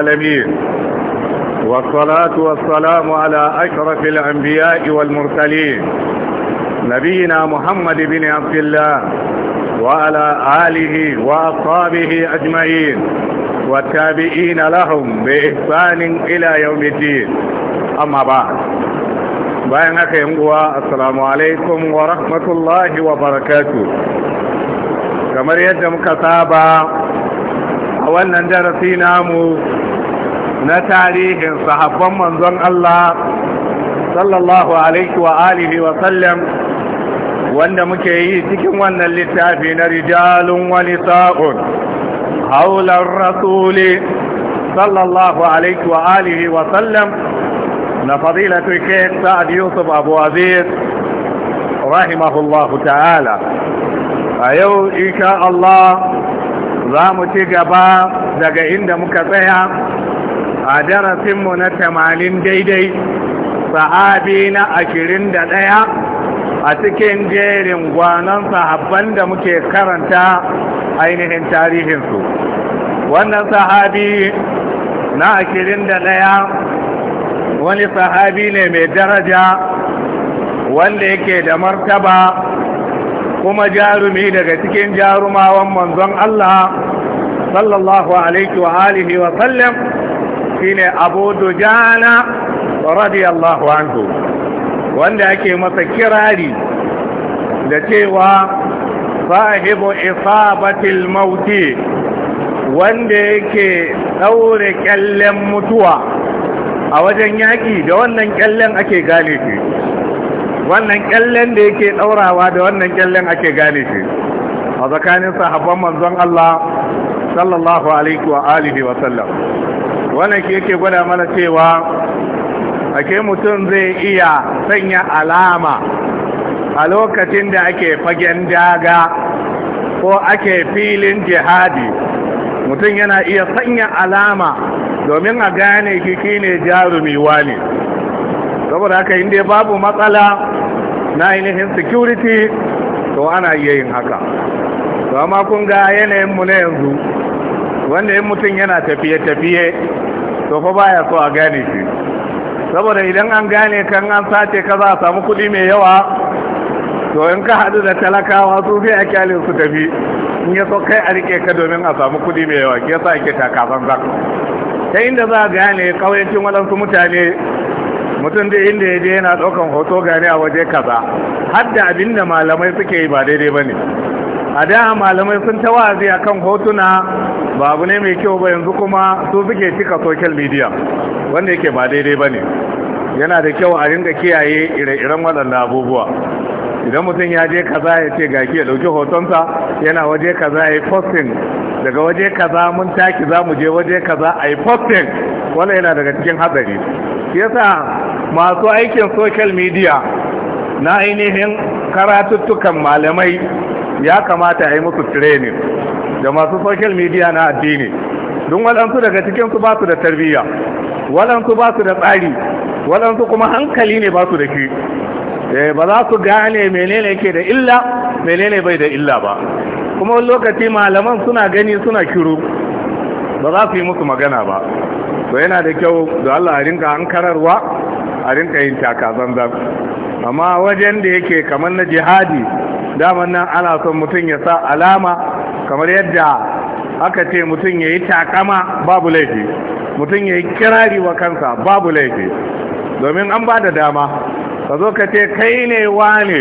العالمين والصلاة والسلام على أشرف الأنبياء والمرسلين نبينا محمد بن عبد الله وعلى آله وأصحابه أجمعين والتابعين لهم بإحسان إلى يوم الدين أما بعد بين أخيهم السلام عليكم ورحمة الله وبركاته كما يدمك كتابا أولا wannan darasi na tarihin sahabban manzon Allah sallallahu alaihi wa alihi wa sallam wanda muke yi cikin wannan littafi na rijalun wa nisa'un haular rasuli sallallahu alaihi wa alihi wa sallam na fadilatu shaykh Sa'ad Yusuf Abu Aziz rahimahullahu ta'ala a yau insha Allah za mu ci gaba daga inda muka tsaya a mu na tamanin daidai sahabi na ashirin da ɗaya a cikin jerin gwanon sahabban da muke karanta ainihin tarihinsu wannan sahabi na ashirin da ɗaya wani sahabi ne mai daraja wanda yake da martaba kuma jarumi daga cikin jarumawan manzon Allah sallallahu alaihi wa alihi wa sallam shine abu dujana radiyallahu anhu wanda ake masa kirari da cewa sahibu isabatil mauti wanda yake daure kyallen mutuwa a wajen yaki, da wannan kyallen ake gane shi wannan kyallen da yake daurawa da wannan kyallen ake gane shi a tsakanin sahabban manzon Allah sallallahu alaihi wa alihi wa sallam wannan shi yake gwada mana cewa ake mutum zai iya sanya alama a lokacin da ake fagen daga ko ake filin jihadi mutum yana iya sanya alama domin a gane kiki ne jarumi wani saboda haka inda babu matsala na ainihin security to ana iya yin haka to amma kun yanayinmu na yanzu wanda yin mutum yana tafiye-tafiye to fa baya so a gane shi saboda idan an gane kan an sace kaza a samu kuɗi mai yawa to in ka haɗu da talakawa su sai a kyale su tafi in ya so kai a rike ka domin a samu kuɗi mai yawa ke sa ake takasan zan ta inda za a gane ƙauyancin waɗansu mutane mutum da inda ya je yana ɗaukan hoto gane a waje kaza har da abin malamai suke yi ba daidai ba ne a da malamai sun ta a kan hotuna ba abu ne mai kyau ba yanzu kuma su suke cika social media wanda yake ba daidai ba ne yana da kyau a ringa kiyaye ire-iren waɗanda abubuwa idan mutum ya je kaza ya ce gaki ya ɗauki hotonsa yana waje kaza ya yi posting daga waje kaza mun taki za mu je waje kaza a yi posting wanda yana daga cikin hatsari yasa masu aikin social media na ainihin karatuttukan malamai ya kamata a yi musu training da masu social media na addini don waɗansu daga cikinsu ba su da tarbiyya waɗansu ba da tsari waɗansu kuma hankali ne ba da shi eh, ba za su gane menene ke da illa menene bai da illa ba kuma wani lokaci malaman suna gani suna kiru ba za su yi musu magana ba to yana da kyau da Allah a rinka hankararwa a rinka yin taka zanzan amma wajen da yake kamar na jihadi daman nan ana son mutum ya sa alama kamar yadda aka ce mutum ya yi takama babu laifi mutum ya yi kirari wa kansa babu laifi domin an ba da dama ka zo ka ce kai ne wane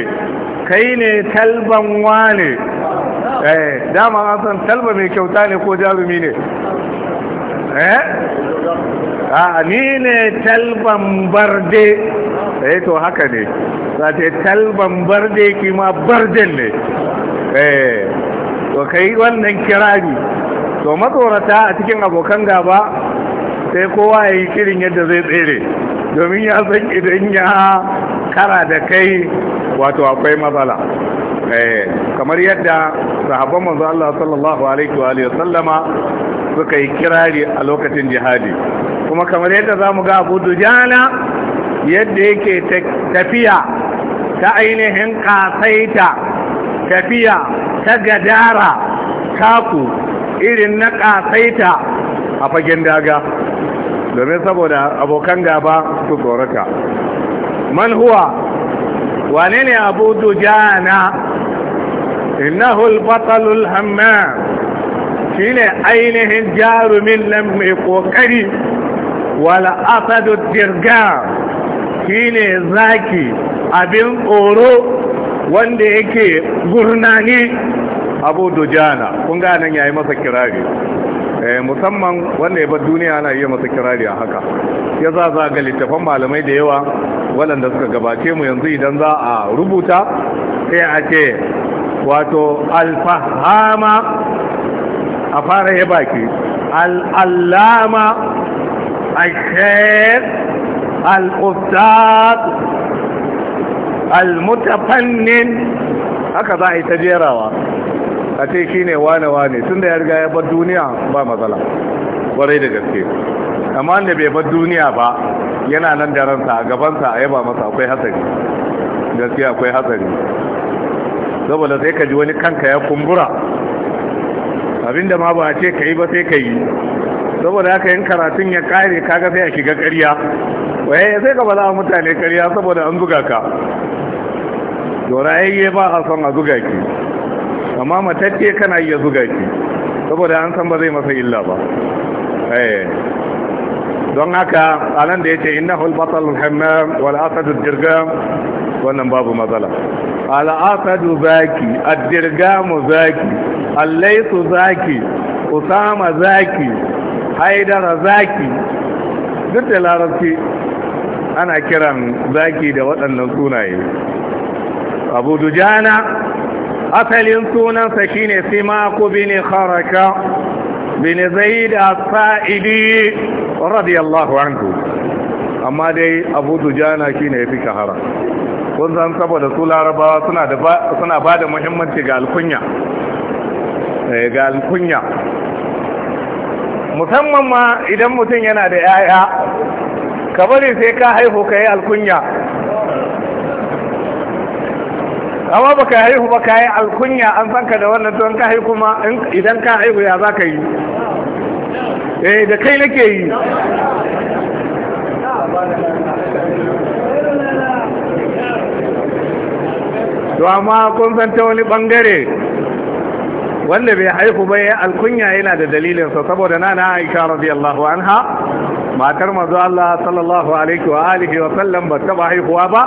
kai ne talban wane eh dama an san talba mai kyauta ne ko jarumi ne eh a ni ne talban barde Sai eh, to haka ne za ta talban barde kima barden ne eh to kai wannan kirari to matsorata a cikin abokan gaba sai kowa ya yi kirin yadda zai tsere domin ya san idan ya kara da kai wato akwai matsala eh, kamar yadda sahabban manzo Allah sallallahu alaihi wa alihi sallama suka yi kirari a lokacin jihadi kuma kamar yadda zamu ga Abu Dujana yadda yake tafiya ta ainihin kasaita tafiya ta gadara kaku irin na kasaita a fagen daga domin saboda abokan gaba su tsorata man huwa wane ne abu dujana inna hulbatalul hamma shi ne ainihin jarumin nan mai kokari wala asadu dirga shine zaki abin tsoro wanda yake gurnani abu dujana kun ga nan yayi masa kirari eh, musamman wanda ya bar duniya ana yi masa kirari a haka ya za za ga littafan malamai da yawa waɗanda suka gabace mu yanzu idan za a rubuta sai a ce wato alfahama a fara ya baki al'allama a shayar al-ustaz al-mutafannin haka za a yi ta jerawa a ce shi ne wane-wane tun da ya riga ya bar duniya ba matsala warai da gaske amma da bai bar duniya ba yana nan da ransa a gabansa a yaba masa akwai hatsari gaske akwai hatsari saboda sai ka ji wani kanka ya kumbura abinda ma ba a ce ka yi ba sai ka yi saboda haka yin karatun ya kare kaga sai a shiga ƙarya waye eh, sai ka bala mutane karya saboda an zuga ka dora yi ba a son a zuga ki amma matacce kana iya zuga ki saboda an san ba zai masa illa ba eh, don haka nan da ya ce ina batal al-hammam wal asad al wannan babu matsala al-asadu zaki ad mu zaki allaisu zaki usama zaki haidara zaki duk da larabci ana kiran zaki da waɗannan sunaye abu dujana asalin sunansa shine simaku bini kharaka bini zaid as radiyallahu anhu amma dai abu dujana shine yafi shahara kun san saboda su larabawa suna da suna bada muhimmanci ga alkunya eh, ga alkunya musamman ma idan mutum yana da yaya ka bari sai ka haihu ka yi alkunya amma ba ka haihu ba ka yi alkunya an san ka da wannan don ka haihu kuma idan ka haihu ya za ka yi eh da kai nake yi to amma kun san ta wani bangare wanda bai haihu ba ya alkunya yana da dalilinsa saboda nana aisha radiyallahu anha matar manzo Allah sallallahu alaihi wa alihi wa sallam ba ta haihuwa ba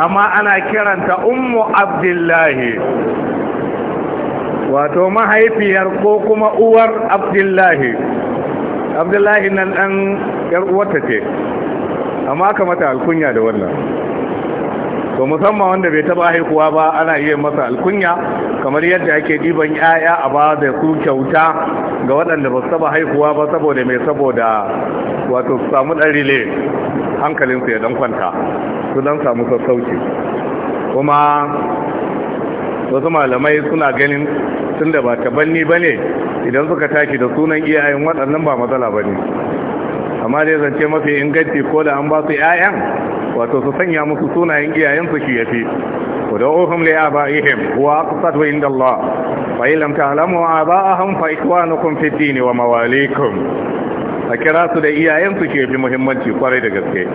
amma ana kiranta ummu abdullahi wato mahaifiyar ko kuma uwar abdullahi abdullahi nan dan yar uwarta ce amma aka mata alkunya da wannan to musamman wanda bai taba haihuwa ba ana iya masa alkunya kamar yadda ake diban yaya a ba da su kyauta ga waɗanda ba su taba haihuwa ba saboda mai saboda wato su samu ɗan rile hankalinsu ya dan kwanta su dan samu sassauci kuma wasu malamai suna ganin tun da ba tabanni ba ne idan suka tashi da sunan iyayen waɗannan ba matsala ba ne amma dai zance mafi inganci ko da an ba su 'ya'yan wato su sanya musu sunayen iyayensu shi yafi ودعوهم لآبائهم a أقصد عند الله فإن لم تعلموا آباءهم فإخوانكم في الدين ومواليكم a kira su da iyayensu ke fi muhimmanci kwarai da gaske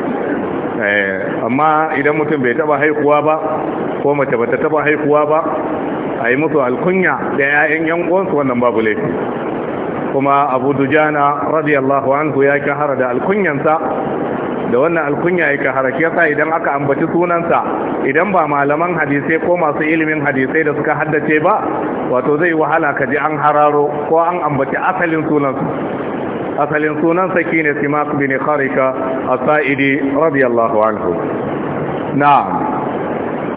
eh, amma idan mutum bai taba haikuwa ba ko mace bata taba haikuwa ba a yi musu alkunya da 'ya'yan yan uwansu wannan babu laifi kuma abu dujana radiyallahu anhu ya kahara da alkunyansa da wannan alkunya ya ka harake sa idan aka ambaci sunansa idan ba malaman hadisai ko masu ilimin hadisai da suka haddace ba wato zai wahala ka ji an hararo ko an ambaci asalin sunansa asalin sunansa ne simak bin kharika a saidi radiyallahu anhu na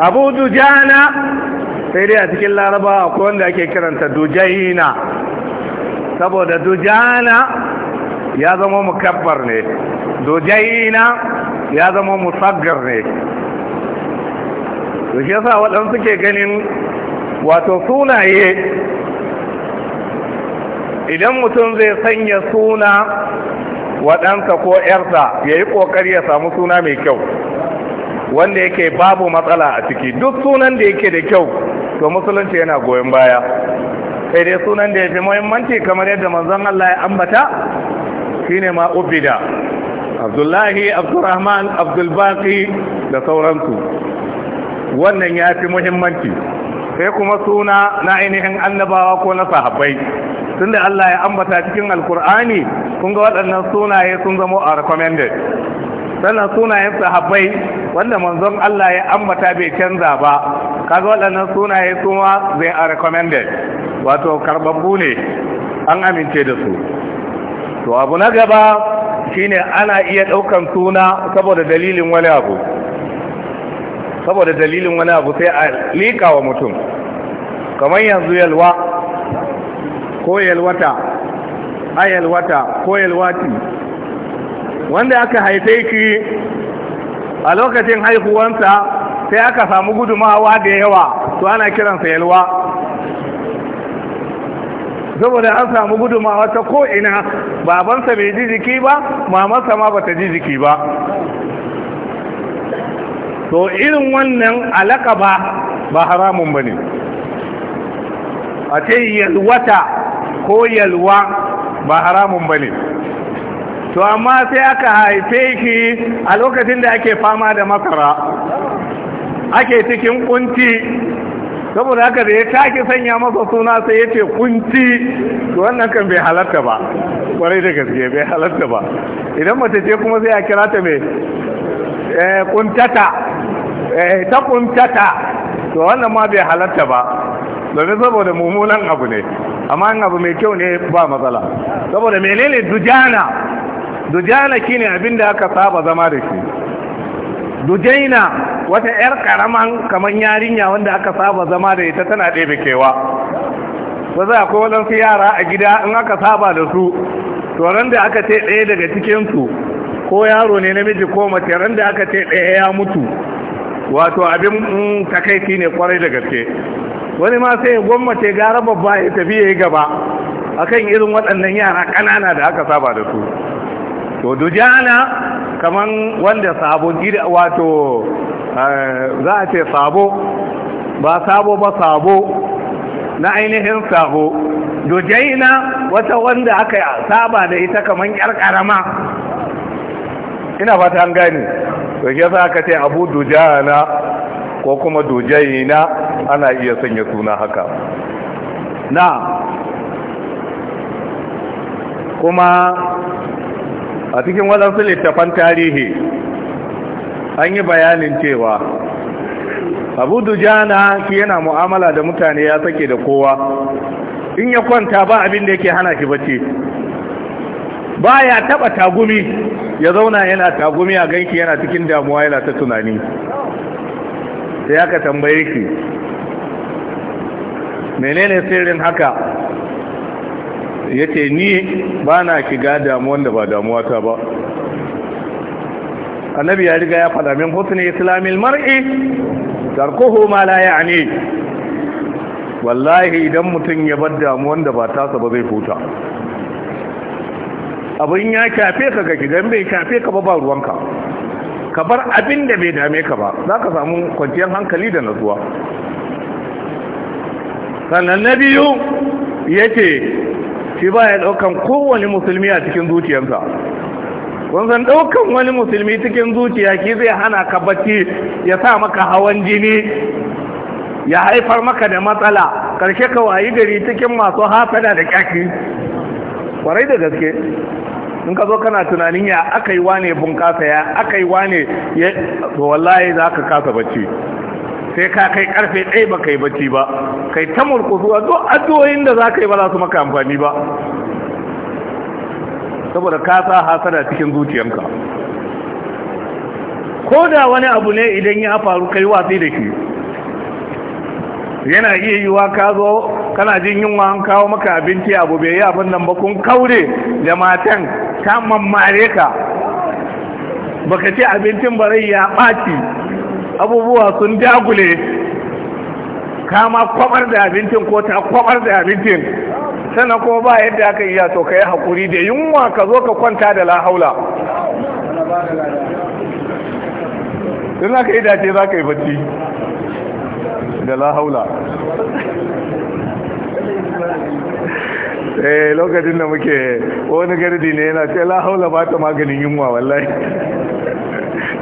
abu dujana sai dai a cikin laraba akwai wanda ake kiranta dujaina saboda dujana ya zama mukabbar ne dujaina ya zama musaggar ne to shi yasa waɗansu ke ganin wato sunaye idan mutum zai sanya suna waɗansa ko ‘yarsa ya yi ƙoƙari ya samu suna mai kyau wanda yake babu matsala a ciki duk sunan da yake da kyau to musulunci yana goyon baya sai dai sunan da ya fi muhimmanci kamar yadda manzon Allah ya ambata shine ma ubida abdullahi abdurrahman abdulbaki da sauransu wannan ya fi muhimmanci sai kuma suna na ainihin annabawa ko na sahabbai tunda Allah ya ambata cikin alkur'ani kun ga waɗannan sunaye sun zama a recommended sannan sunayen sahabbai wanda manzon Allah ya ambata bai canza ba kaga waɗannan sunaye kuma zai a recommended wato karbabbu ne an amince da su to abu na gaba shine ana iya ɗaukan suna saboda dalilin wani abu saboda dalilin wani abu sai a lika wa mutum kamar yanzu yalwa ko yalwata a yalwata ko yalwati wanda aka haife ki a lokacin haihuwansa sai aka samu gudumawa da yawa to ana kiransa yalwa saboda an samu gudumawa ta ko'ina babansa bai ji jiki ba mamansa ma bata ji jiki ba to irin wannan alaka ba ba haramun ba ne a ce yalwata ko yalwa ba haramun ba ne to amma sai aka haife shi a lokacin da ake fama da makara ake cikin kunci saboda haka da ya take sanya masa suna sai ya ce kunci wannan kan bai halatta ba kwarai da gaske bai halatta ba idan mace ce kuma sai a kira ta mai eh, kuntata eh, ta kuntata to wannan ma bai halatta ba domin saboda mummunan abu ne amma abu mai kyau ne ba matsala saboda menene dujana dujana shine abin da aka saba zama da shi dujaina wata 'yar karaman kamar yarinya wanda aka saba zama da ita tana ɗebe kewa ba za akwai waɗansu yara a gida in aka saba da su ran da aka ce ɗaya daga cikinsu ko yaro ne namiji ko mace ran da aka ce ɗaya ya mutu wato abin mm, takaici ne kwarai da gaske wani ma sai ya gwammace gara babba ya tafi ya yi gaba akan irin waɗannan yara ƙanana da aka saba da su to dujana kaman wanda sabo gida wato eh, za a ce sabo ba sabo ba sabo na ainihin sabo dojaina wata wanda aka saba da ita kaman yar karama ina ba an gani. to ke sa aka ce abu dujana ko kuma dojaina ana iya sanya suna haka na kuma a cikin waɗansu littafan tarihi an yi bayanin cewa abu dujana shi yana mu'amala da mutane ya sake da kowa in ya kwanta ba abin da yake hana shi bace ba ya taɓa tagumi ya zauna yana tagumi a ganki yana cikin damuwa yana ta tunani sai aka tambaye shi menene sirrin haka ya ni ba na shiga damuwan da ba damuwata ba annabi ya riga ya fada min husni islamil mar'i tarkuhu ma la ya'ni wallahi idan mutum ya bar damuwan da ba tasa ba zai huta abin ya kafe ka ga gidan bai kafe ka ba ruwanka ka bar abin da bai dame ka ba za ka samu kwanciyar hankali da natsuwa sannan na biyu ya shi ba ya ɗaukan kowane musulmi a cikin zuciyarsa wanzan ɗaukan wani musulmi cikin zuciya ki zai hana ka bacci ya sa maka hawan jini ya haifar maka da matsala ƙarshe ka wayi gari cikin masu hafada da ƙyaki Kwarai da gaske in ka zo kana tunanin ya aka yi wane bunƙasa ya aka yi wane ya wallahi za ka kasa bacci sai ka kai karfe ɗaya ba yi bacci ba kai ta murkusuwa duk addu'o'in da za ka yi ba za su maka amfani ba saboda ka sa hasada cikin zuciyanka ko da wani abu ne idan ya faru kai watsi da ke, yana iya yiwa ka zo kana jin yunwa an kawo maka abinci abu bai yi abin nan ba kun kaure da matan ta mammare ka baka ce abincin bari ya ɓaci abubuwa sun dagule kama kwabar da abincin ko ta kwabar da abincin sannan kuma ba yadda aka iya to ka yi haƙuri da yunwa ka zo ka kwanta da lahaula in za ka yi dace za ka yi bacci da lahaula eh lokacin da muke wani gardi ne yana ce lahaula ba ta maganin yunwa wallahi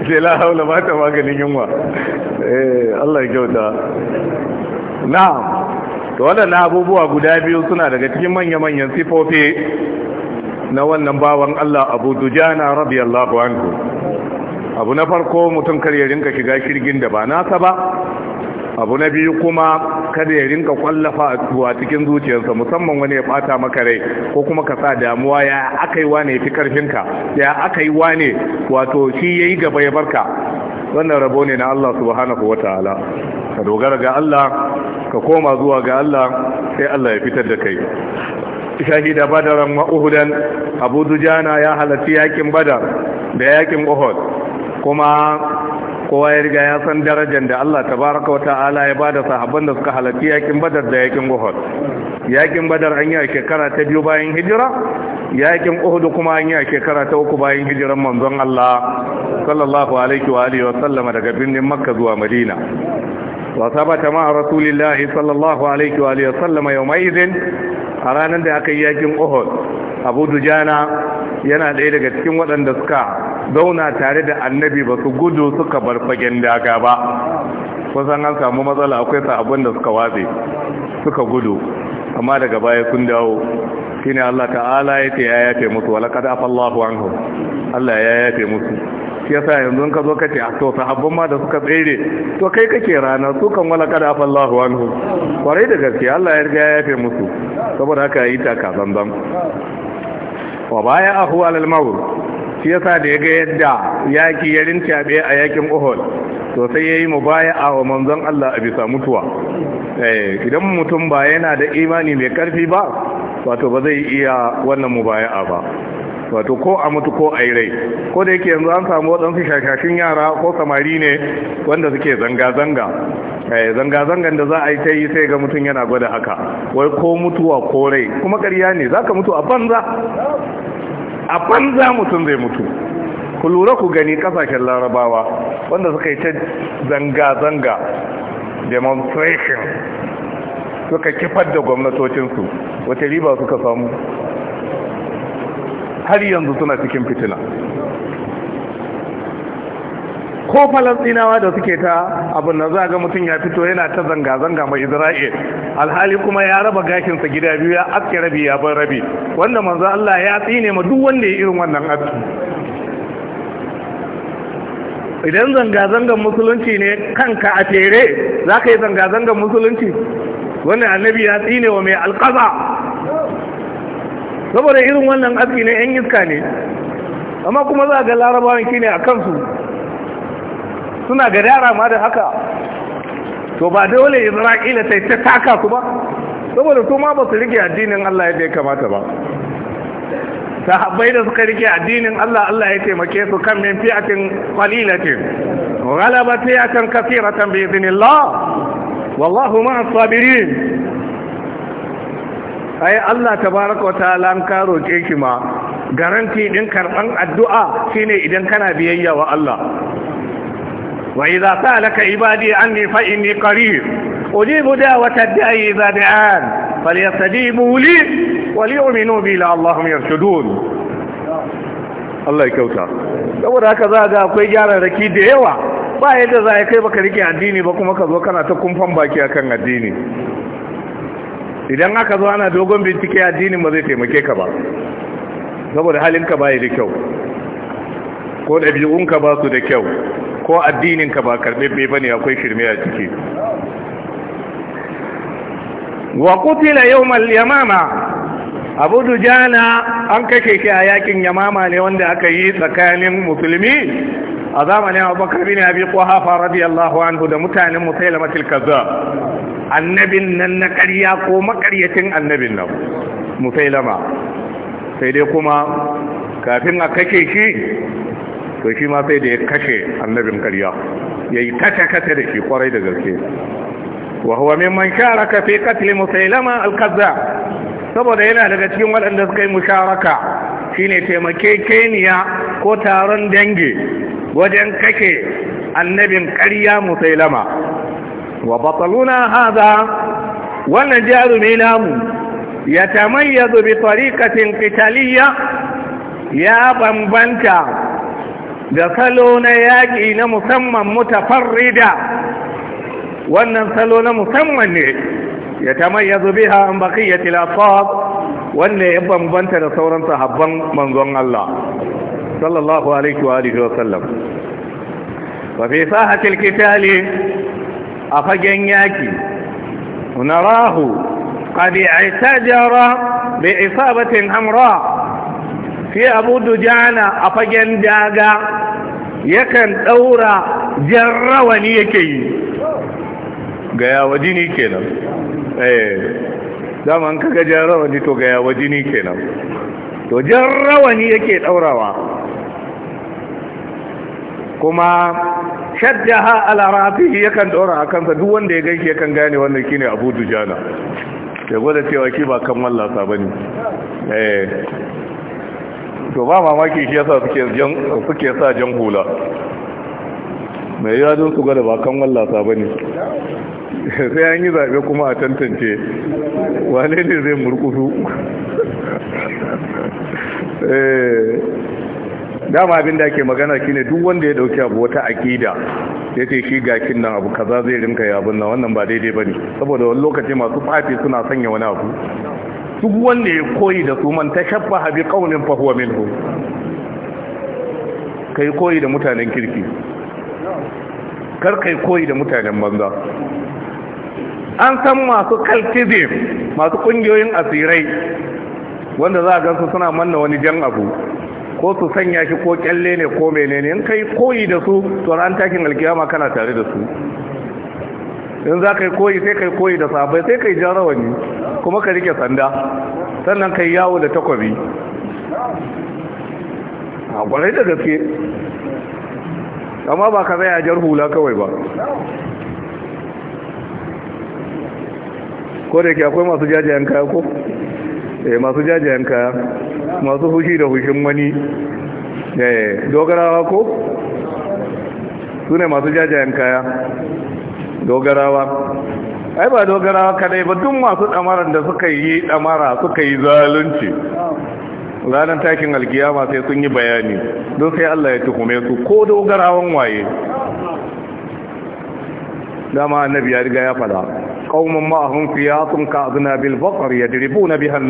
ce la haula ba ta maganin yunwa eh Allah ya kyauta na'am to abubuwa guda biyu suna daga cikin manya-manyan sifofi na wannan bawan Allah Abu Dujana radiyallahu anhu abu na farko mutum kar ya rinka shiga shirgin da ba nasa ba abu na biyu kuma kada ya rinka kwallafa a cikin zuciyarsa musamman wani ya fata maka rai ko kuma ka sa damuwa ya aka yi wane ya fi karfinka ya aka yi wane wato shi ya yi gaba ya barka wannan rabo ne na Allah subhanahu wa ta'ala ka dogara ga Allah ka koma zuwa ga Allah sai Allah ya fitar da kai shahida badaran wa uhudan abu dujana ya halarci yakin badar da yakin uhud kuma kowa ya riga ya san darajar da Allah tabaraka wa ta'ala ya bada sahabban da suka halarci yakin badar da yakin uhud yakin badar an yi a shekara ta biyu bayan hijira yakin uhud kuma an yi a shekara ta uku bayan hijiran manzon Allah sallallahu alaihi wa alihi wa sallama daga birnin makka zuwa madina wa sabata ma rasulillahi sallallahu alaihi wa alihi wa sallama yawmaidin a ranar da aka yi yakin ohud abu dujana yana ɗaya daga cikin waɗanda suka zauna tare da annabi ba su gudu suka bar fagen daga ba kusan an samu matsala akwai sa abin da suka watse suka gudu amma daga baya sun dawo shine Allah ta'ala ya ce ya yafe musu walaqad afallahu anhum Allah ya yafe musu shi yasa yanzu ka zo ka ce a ah, to sahabban ma da suka tsere to kai kake rana su kan wala kada fa Allahu anhu kwarai da gaske Allah ya riga ya yafe musu saboda haka yi ta ka zanzan wa baya ahu alal maut shi yasa da yaga yadda yaki ya rintabe a yakin Uhud to sai yayi mubaya'a wa manzon Allah a bisa mutuwa eh idan mutum ba yana da imani mai karfi ba wato ba zai iya wannan mubaya'a ba wato ko a mutu ko a yi rai ko da yake yanzu an samu waɗansu shashashin yara ko samari ne wanda suke zanga-zanga eh, zanga-zangan da za a yi ta yi sai ga mutum yana gwada haka wai ko mutuwa ko rai kuma ƙarya ne za ka mutu a banza a banza mutum zai mutu ku lura ku gani ƙasashen larabawa wanda suka yi ta zanga-zanga demonstration suka kifar da gwamnatocinsu wata riba suka samu har yanzu suna cikin fitina ko falastinawa da suke ta abin da za ga mutum ya fito yana ta zanga-zanga mai isra'il alhali kuma ya raba gashinsa gida biyu ya aske rabi ya bar rabi wanda manzo Allah ya tsine ma duk wanda ya irin wannan aski idan zanga zangan musulunci ne kanka a tere za ka yi zanga zangan musulunci wannan annabi ya tsine wa mai alƙaza saboda irin wannan aski ne yan iska ne amma kuma za ga larabawan shi ne a kansu suna ga yara ma da haka to ba dole isra'ila ta ta taka su ba saboda su ma ba su rike addinin allah yadda ya kamata ba Ta habbai da suka rike addinin Allah Allah ya taimake su kan min fi'atin qalilatin ghalaba fi'atan kathiratan bi idhnillah wallahu ma'as sabirin ai Allah tabaraka wa ta'ala an ka roke ki ma garanti din karban addu'a shine idan kana biyayya wa Allah wa idza salaka ibadi anni fa inni qarib ujibu da'wata da'i idza da'an falyastajibu li wa liyu'minu bi la'allahum yarshudun Allah ya kyauta saboda haka za ga akwai gyararraki da yawa ba yadda za a kai baka rike addini ba kuma ka zo kana ta kumfan baki akan addini idan aka zo ana dogon bincike addinin ba zai taimake ka ba saboda halinka ba yi da kyau ko ɗabi'unka ba su da kyau ko addininka ba karɓe ba ne akwai shirme a ciki wa kutila yawmal yamama abu dujana an kashe shi a yakin yamama ne wanda aka yi tsakanin musulmi a zamanin abubakar bin abi quhafa radiyallahu anhu da mutanen musailamatul kaza. annabin nan na ƙarya ko makaryacin annabin nan musailama sai dai kuma kafin a kashe shi to shi ma sai da ya kashe annabin ƙarya yi kata kata da shi kwarai da gaske wa huwa mimman sharaka fi qatl musailama al-kazzab saboda yana daga cikin waɗanda suka yi musharaka shine taimakekeniya ko taron dangi wajen kake annabin ƙarya musailama wa bataluna haza wannan jarumi namu ya tamayyazu bi tariqatin qitaliya ya bambanta da salo na yaƙi na musamman mutafarrida wannan salo na musamman ne ya tamayyazu biha an baqiyatil asfar wanne ya bambanta da sauran sahabban manzon Allah sallallahu alaihi wa alihi wa sallam wa fi sahatil qitali a fagen yaki narahu qad i'tajara bi isabatin hamra fi abu dujana a fagen daga yakan daura jarrawani yake yi ga yawa jini kenan eh dama an kaga jan rawani to ga waji jini kenan to jan yake daurawa kuma shaddaha ala rafihi yakan daura a kansa duk wanda ya gaishe yakan gane wannan kine Abu Dujana ya gwada cewa ki ba kan wallasa bane eh to ba mamaki shi yasa suke suke sa jan hula mai yi don su gwada bakan wallasa ba ne sai an yi zaɓe kuma a tantance wane ne zai murkusu eh, dama abin da ke magana shine duk wanda ya dauki abu wata akida ya ce shi gakin nan abu kaza zai rinka ya abin nan wannan ba daidai ba ne saboda wani lokaci masu fati suna sanya wani abu duk wanda ya koyi da su man tashabbaha bi qaumin fa huwa ka kai koyi da mutanen kirki karkai koyi da mutanen banza an san masu kaltizim masu kungiyoyin asirai wanda za a gansu suna manna wani jan abu ko su sanya shi ko kyalle ne ko menene in kai koyi da su to an takin alkiyama kana tare da su in za ka yi koyi sai ka yi koyi da sabai sai ka yi kuma ka rike sanda sannan ka yi yawo da takwabi a kwarai da gaske amma ba ka zai ajar hula kawai ba ko da ke akwai masu jajayen kaya ko eh masu jajayen kaya masu fushi da fushin wani eh dogarawa ko su ne masu jajayen kaya dogarawa ai ba dogarawa kadai ba dun masu damarar da suka yi damara suka yi zalunci ranar takin alkiyama sai sun yi bayani don sai Allah ya tuhume su ko dogarawan waye dama annabi ya riga ya fada qauman ma'ahum ka azna bil baqar yadribuna biha an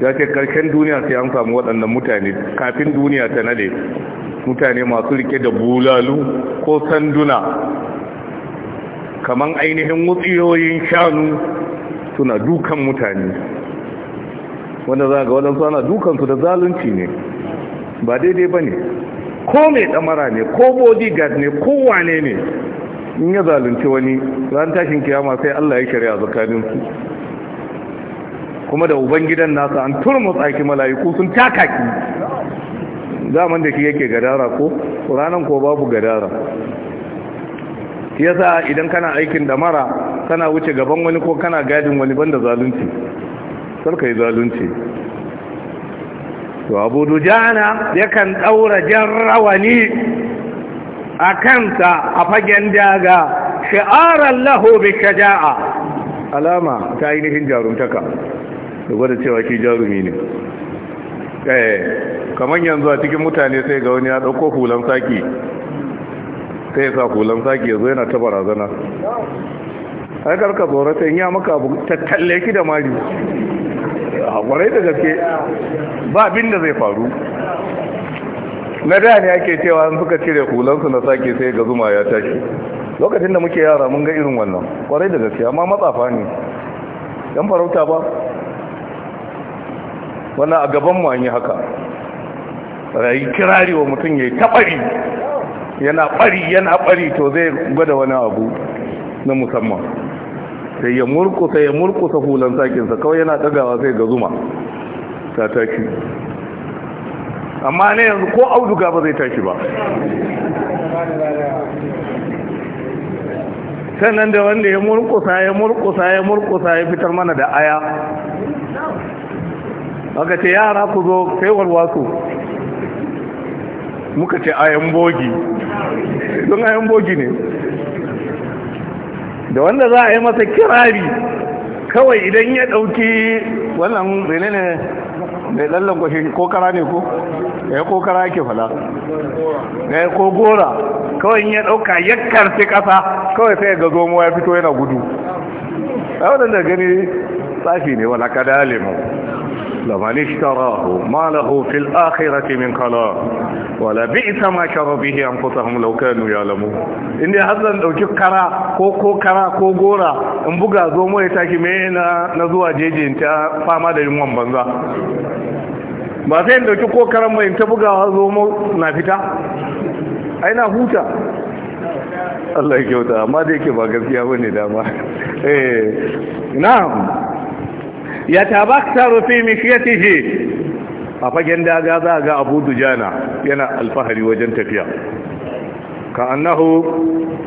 ya ce karshen duniya sai an samu waɗannan mutane kafin duniya ta nade mutane masu rike da bulalu ko sanduna kaman ainihin wutsiyoyin shanu suna dukan mutane wanda za ga wadansu ana dukansu da zalunci ne ba daidai ba ne ko mai damara ne ko bodyguard ne ko wane ne in ya zalunci wani ran tashin kiyama sai Allah ya shari'a zakaninsu kuma da uban gidan nasa an turmus aiki mala'iku sun takaki zaman da shi yake gadara ko ranan ko babu gadara yasa idan kana aikin damara kana wuce gaban wani ko kana gadin wani banda zalunci karka yi zalunci to abu dujana yakan daura jarrawani a kanta a fagen daga shi'arar lahu bi shaja'a alama ta ainihin jarumtaka da gwada cewa ki jarumi ne ɗaya eh, kamar yanzu a cikin mutane sai ga wani ya ɗauko hulan saki sai ya sa hulan saki ya zo yana ta barazana ai karka tsoratan ya maka abu tattalle ki da mari a ah, da gaske ba abin da zai faru na da ne ake cewa an suka cire hulansu na sake sai ga zuma ya tashi lokacin da muke yara mun ga irin wannan kwarai da gaske amma matsafa ne yan farauta ba wannan a gaban mu an yi haka Rayu kirari wa mutum ya yi taɓari yana ɓari yana ɓari to zai gwada wani abu na musamman sai ya sai ya sa hulan sakinsa kawai yana dagawa sai ga zuma ta tashi amma ne yanzu ko auduga ba zai tashi ba sannan da wanda ya murkusa ya murkusa ya murkusa ya fitar mana da aya aka ce yara ku zo sai walwasu muka ce ayan bogi don ayan bogi ne da wanda za a yi masa kirari kawai idan ya ɗauki wannan rene ne mai ɗallon kwashe kokara ne ko ya kokara ake fada ya ko gora kawai ya ɗauka ya karfi kasa kawai sai ga zomo ya fito yana gudu a wadanda gani tsafi ne wala kada lemu. لمن اشتراه ما له في الآخرة من خلاق ولبئس ما شروا به أنفسهم لو كانوا يعلمون إني هذا ɗauki kara ko ko ko gora in buga zo mu ya me na na zuwa jejin ta fama da yunwan banza ba sai in ɗauki ko karan mai ta bugawa zo na fita ai na huta Allah ya kyauta amma da yake ba gaskiya bane dama eh ya tabaktaru fi mishiyatihi a fagen daga za ga abu dujana yana alfahari wajen tafiya ka annahu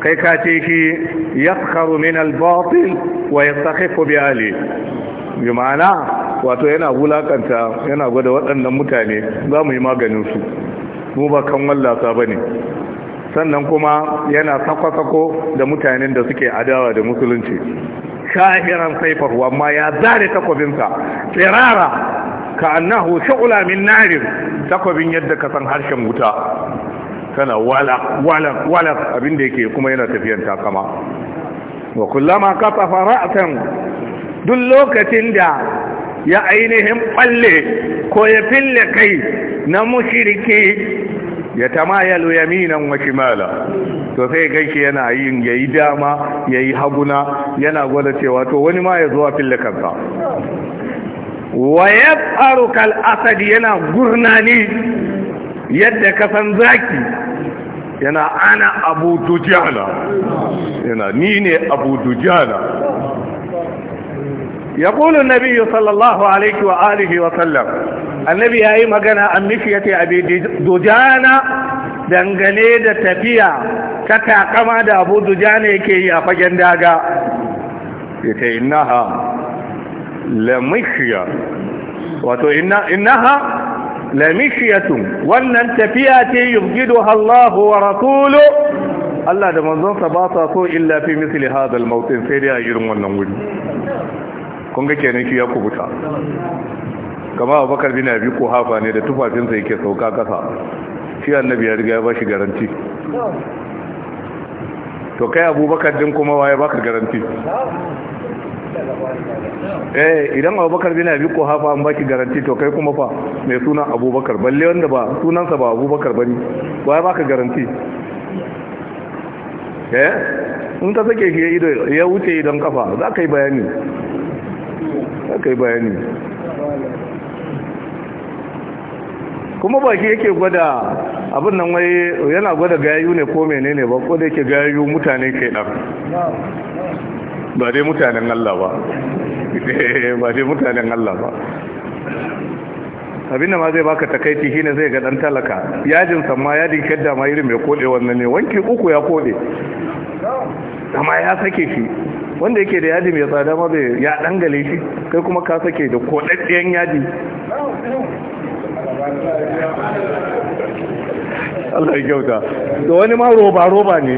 kai ka ce shi yafkaru min al wa wa yastakhifu ko ali bi ma'ana wato yana wulakanta yana gwada waɗannan mutane za mu yi maganin su mu ba kan wallasa ne, sannan kuma yana sako da mutanen da suke adawa da musulunci shahiran saifahu amma ya zare takwabinsa tsirara ka annahu sha'ula min narin takwabin yadda ka san harshen wuta tana walak walak walak abinda yake kuma yana tafiyan takama wa kullama kasafa ra'san duk lokacin da ya ainihin ɓalle ko ya fille kai na mushriki ya tamayalu yaminan Minan shimala to sai ganki yana yin yayi dama yayi haguna yana gwada cewa to wani ma ya zuwa fille kanka. wa yab'aru asad yana gurnani yadda ka san zaki yana ana abu dujana yana ni ne abu dujana يقول النبي صلى الله عليه وآله وسلم annabi ya yi magana an mishiyata abi dujana dangane da tafiya ta takama da abu dujana yake yi a fagen daga Ya ce ina la lamishiya wato ha? la mishiyatun wannan tafiya ce yubgiduha hallahu wa rasulu Allah da manzonsa ba sa so illa fi misali hadha al sai dai a irin wannan wuri kun ga kenan shi ya kubuta kama abubakar bin abi ko hafa ne da tufafinsa yake sauka kasa shi annabi ya riga ya ba shi garanti to kai abubakar din kuma waye baka garanti eh idan abubakar bin abi ko hafa an baki garanti to kai kuma fa mai suna abubakar balle wanda ba sunansa ba abubakar bane waye baka garanti eh in ka sake shi ido ya wuce idan kafa za ka yi bayani za ka yi bayani kuma baki yake gwada abin nan wai yana gwada gayu ne ko menene ba ko da yake gayu mutane ke dan ba dai mutanen Allah ba ba dai mutanen Allah ba abinda ma zai baka takaici shine zai ga dan talaka yajin ma yajin kedda ma irin mai kode wannan ne wanki uku ya kode amma ya sake shi wanda yake da yadi mai tsada ma bai ya dangale shi kai kuma ka sake da kodaddiyan yadi Allah ya kyauta da wani ma roba roba ne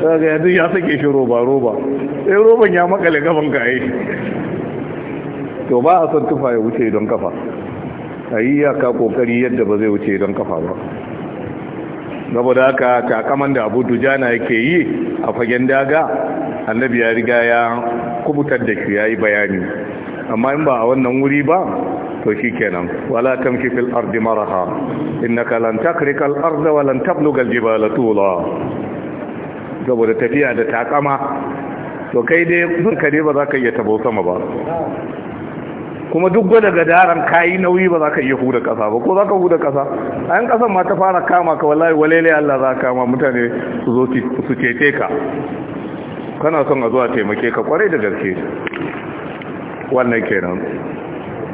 daga yanzu ya sake shi roba roba sai roban ya makale gaban ka yi to ba a son tufa ya wuce don kafa a yi ka kokari yadda ba zai wuce don kafa ba saboda haka takaman da abu dujana yake yi a fagen daga annabi ya riga ya kubutar da shi ya yi bayani amma in ba a wannan wuri ba to shi kenan wala tamshi fil ardi maraha innaka lan takrika al arda wa lan tabluga al jibala tula saboda tafiya da takama to kai dai ka kare ba za ka iya tabo sama ba kuma duk gwada gadaran kayi nauyi ba za ka iya huda kasa ba ko za ka huda kasa a yan kasan ma ta fara kama ka wallahi walele Allah za ka kama mutane su zo su cece ka kana son a zuwa taimake ka kwarai da gaske wannan kenan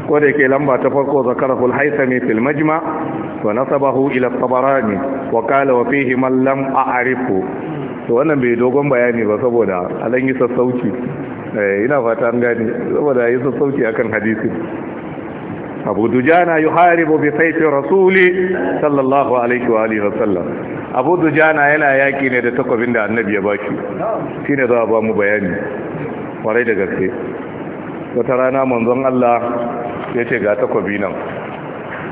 ko da yake lamba ta farko zakarahu al-haythami fil majma wa nasabahu ila tabarani wa qala wa fihi man lam a'rifu to wannan bai dogon bayani ba saboda alan yi sassauci eh, ina fatan an gani saboda yi sassauci akan hadisi abu dujana yuharibu bi sayfi rasuli sallallahu alaihi wa alihi wasallam abu dujana yana yaki ne da takobin da annabi ya baki shine za a ba mu bayani kwarai da gaske wata rana manzon Allah ya ce ga takobi nan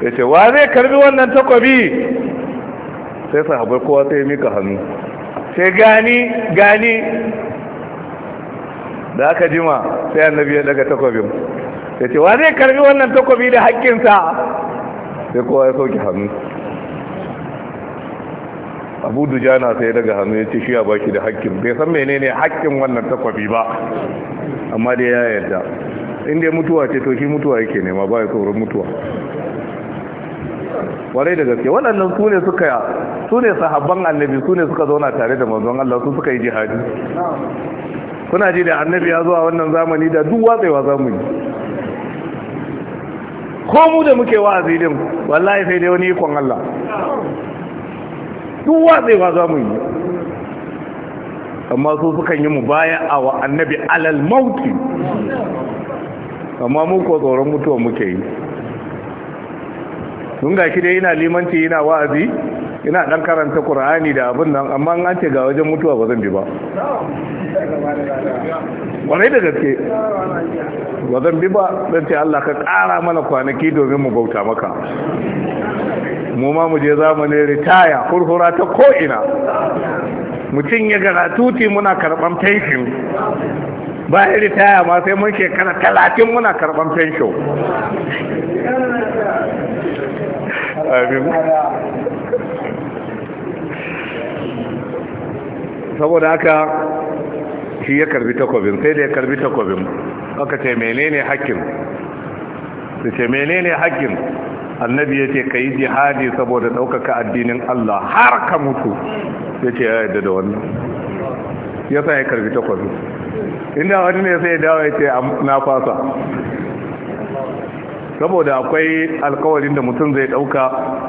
ya ce wa zai karbi wannan takobi sai sahabar kowa sai mika hannu sai gani gani da aka jima sai annabi ya daga takobin ya ce wa zai karbi wannan takobi da haƙƙinsa sai kowa ya sauki hannu abu dujana sai daga hannu ya ce shi ya baki da haƙƙin bai san menene haƙƙin wannan takobi ba amma dai ya yarda inda mutuwa ce to shi mutuwa yake nema ba ya tsoron mutuwa warai da gaske waɗannan su ne suka su ne sahabban annabi su ne suka zauna tare da manzon Allah su suka yi jihadi kuna ji da annabi ya zuwa wannan zamani da duk watsewa zamani yi ko mu da muke wa azilin wallahi sai dai wani ikon Allah duk watsewa zamani yi amma su sukan yi mu baya a wa annabi alal mauti amma mu ko tsoron mutuwa muke yi tun ga shi dai yana limanci yana wa'azi yana dan karanta qur'ani da abin nan amma an ce ga wajen mutuwa ba zan bi ba wallahi da gaske ba zan bi ba dan ce Allah ka kara mana kwanaki domin mu bauta maka mu ma mu je zamanin ritaya hurhura ta ko'ina mutum ya gara tuti muna karɓar pension bayan ritaya ma sai mun shekara talatin muna karban fenshon saboda haka shi ya karbi takobin sai da ya karbi takobin aka ce menene hakkin su ce menene hakkin annabi ya ce ka yi jihadi saboda ɗaukaka addinin Allah har ka mutu ya ce ya yadda da wannan ya sa ya karbi takobin inda wani ne sai dawo ya ce na fasa saboda akwai alkawarin da mutum zai dauka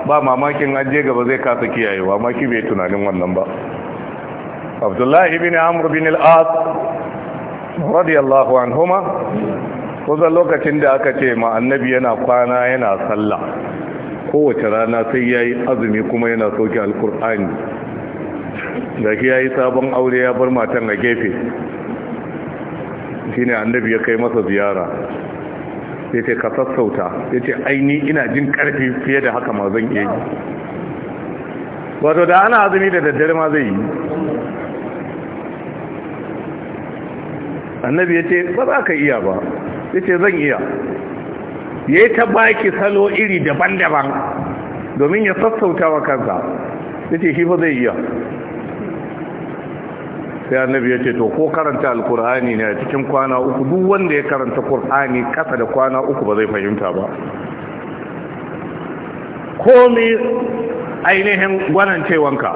ba mamakin an je gaba zai kasa kiyayewa ma ki bai tunanin wannan ba abdullahi ibn amr bin al-as radiyallahu anhuma kusan lokacin da aka ce ma annabi yana kwana yana sallah kowace rana sai ya yi azumi kuma yana soke alkur'ani da ya yi sabon aure ya bar matan a gefe shine annabi ya kai masa ziyara ya ce ka sassauta ya ce aini ina jin karfi fiye da haka ma zan iya yi wato da ana azumi da daddare ma zai yi annabi ya ce ba za ka iya ba ya ce zan iya ya yi ta baki salo iri daban-daban domin ya sassauta wa kansa ya ce shi ba zai iya sai annabi ya ce to ko karanta alkur'ani ne a cikin kwana uku duk wanda ya karanta kur'ani kasa da kwana uku ba zai fahimta ba komi ainihin gwanancewanka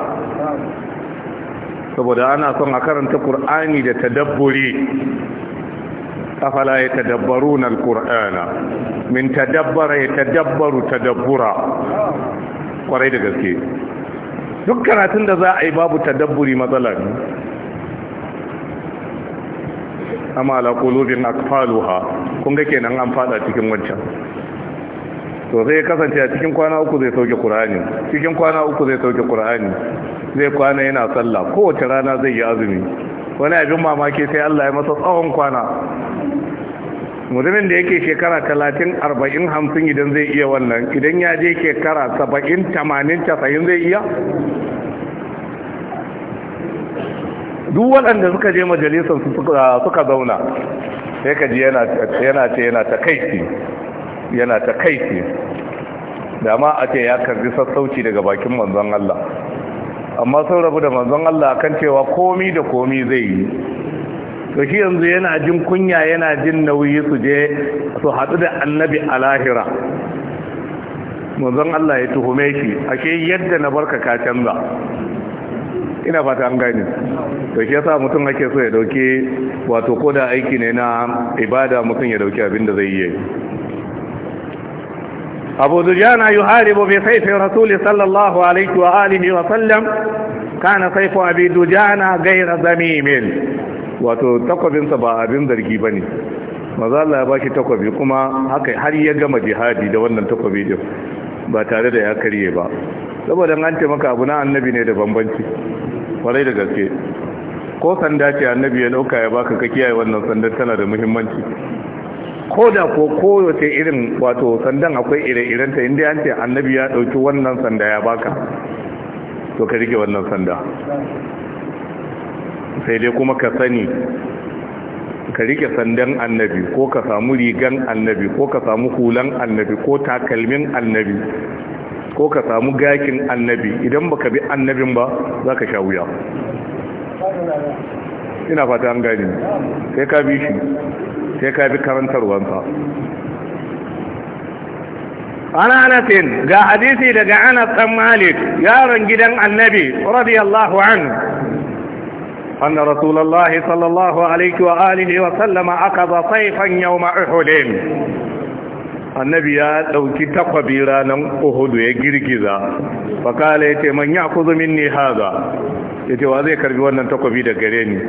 saboda ana son a karanta kur'ani da tadabburi afala ya tadabbaru na alkur'ana min tadabbara ya tadabbaru tadabbura kwarai da gaske duk karatun da za a yi babu tadabburi matsala ne amma ala kulubin akfaluha kun ga kenan an fada cikin wancan to sai ya kasance a cikin kwana uku zai sauke qur'ani cikin kwana uku zai sauke qur'ani zai kwana yana sallah kowace rana zai yi azumi wani abin mamaki sai Allah ya masa tsawon kwana mutumin da yake shekara talatin arba'in hamsin idan zai iya wannan idan ya je shekara saba'in tamanin casa'in zai iya duk waɗanda suka je majalisar suka zauna sai ka ji yana ce yana ta yana ta kaiti da ma a ce ya karbi sassauci daga bakin manzon Allah amma sun rabu da manzon Allah kan cewa komi da komi zai yi to shi yanzu yana jin kunya yana jin nauyi su je su haɗu da annabi a lahira manzon Allah ya tuhume shi ake yadda na barka ka canza ina fata an gane to shi yasa mutum ake so ya dauke wato koda aiki ne na ibada mutum ya dauke abin da zai yi Abu Dujana yuharibu bi sayfi Rasul sallallahu alaihi wa alihi wa sallam kana sayfu Abi Dujana zami zamimin wato takwabinsa ba abin zargi bane maza Allah ya bashi takwabi kuma haka har ya gama jihadi da wannan takwabi din ba tare da ya karye ba saboda an ce maka abu na annabi ne da bambanci kwarai da gaske ko sanda ce annabi ya dauka ya baka ka kiyaye wannan sandar tana da muhimmanci ko da ko kowace irin wato sandan akwai ire-irenta inda an ce annabi ya dauki wannan sanda ya baka to ka rike wannan sanda sai dai kuma ka sani ka rike sandan annabi ko ka samu rigan annabi ko ka samu hulan annabi ko takalmin annabi ko ka samu gakin annabi idan baka bi annabin ba za ka sha wuya ina fata an gani sai ka bi shi sai ka bi karantarwansa ana anasin ga hadisi daga anas dan malik yaron gidan annabi radiyallahu anhu أن رسول الله صلى wa عليه وآله وسلم أخذ صيفا يوم أحد annabi ya dauki takwabi ranan uhudu ya girgiza fakala yace man ya'khudhu minni Ya yace wa zai karbi wannan takwabi da gare ni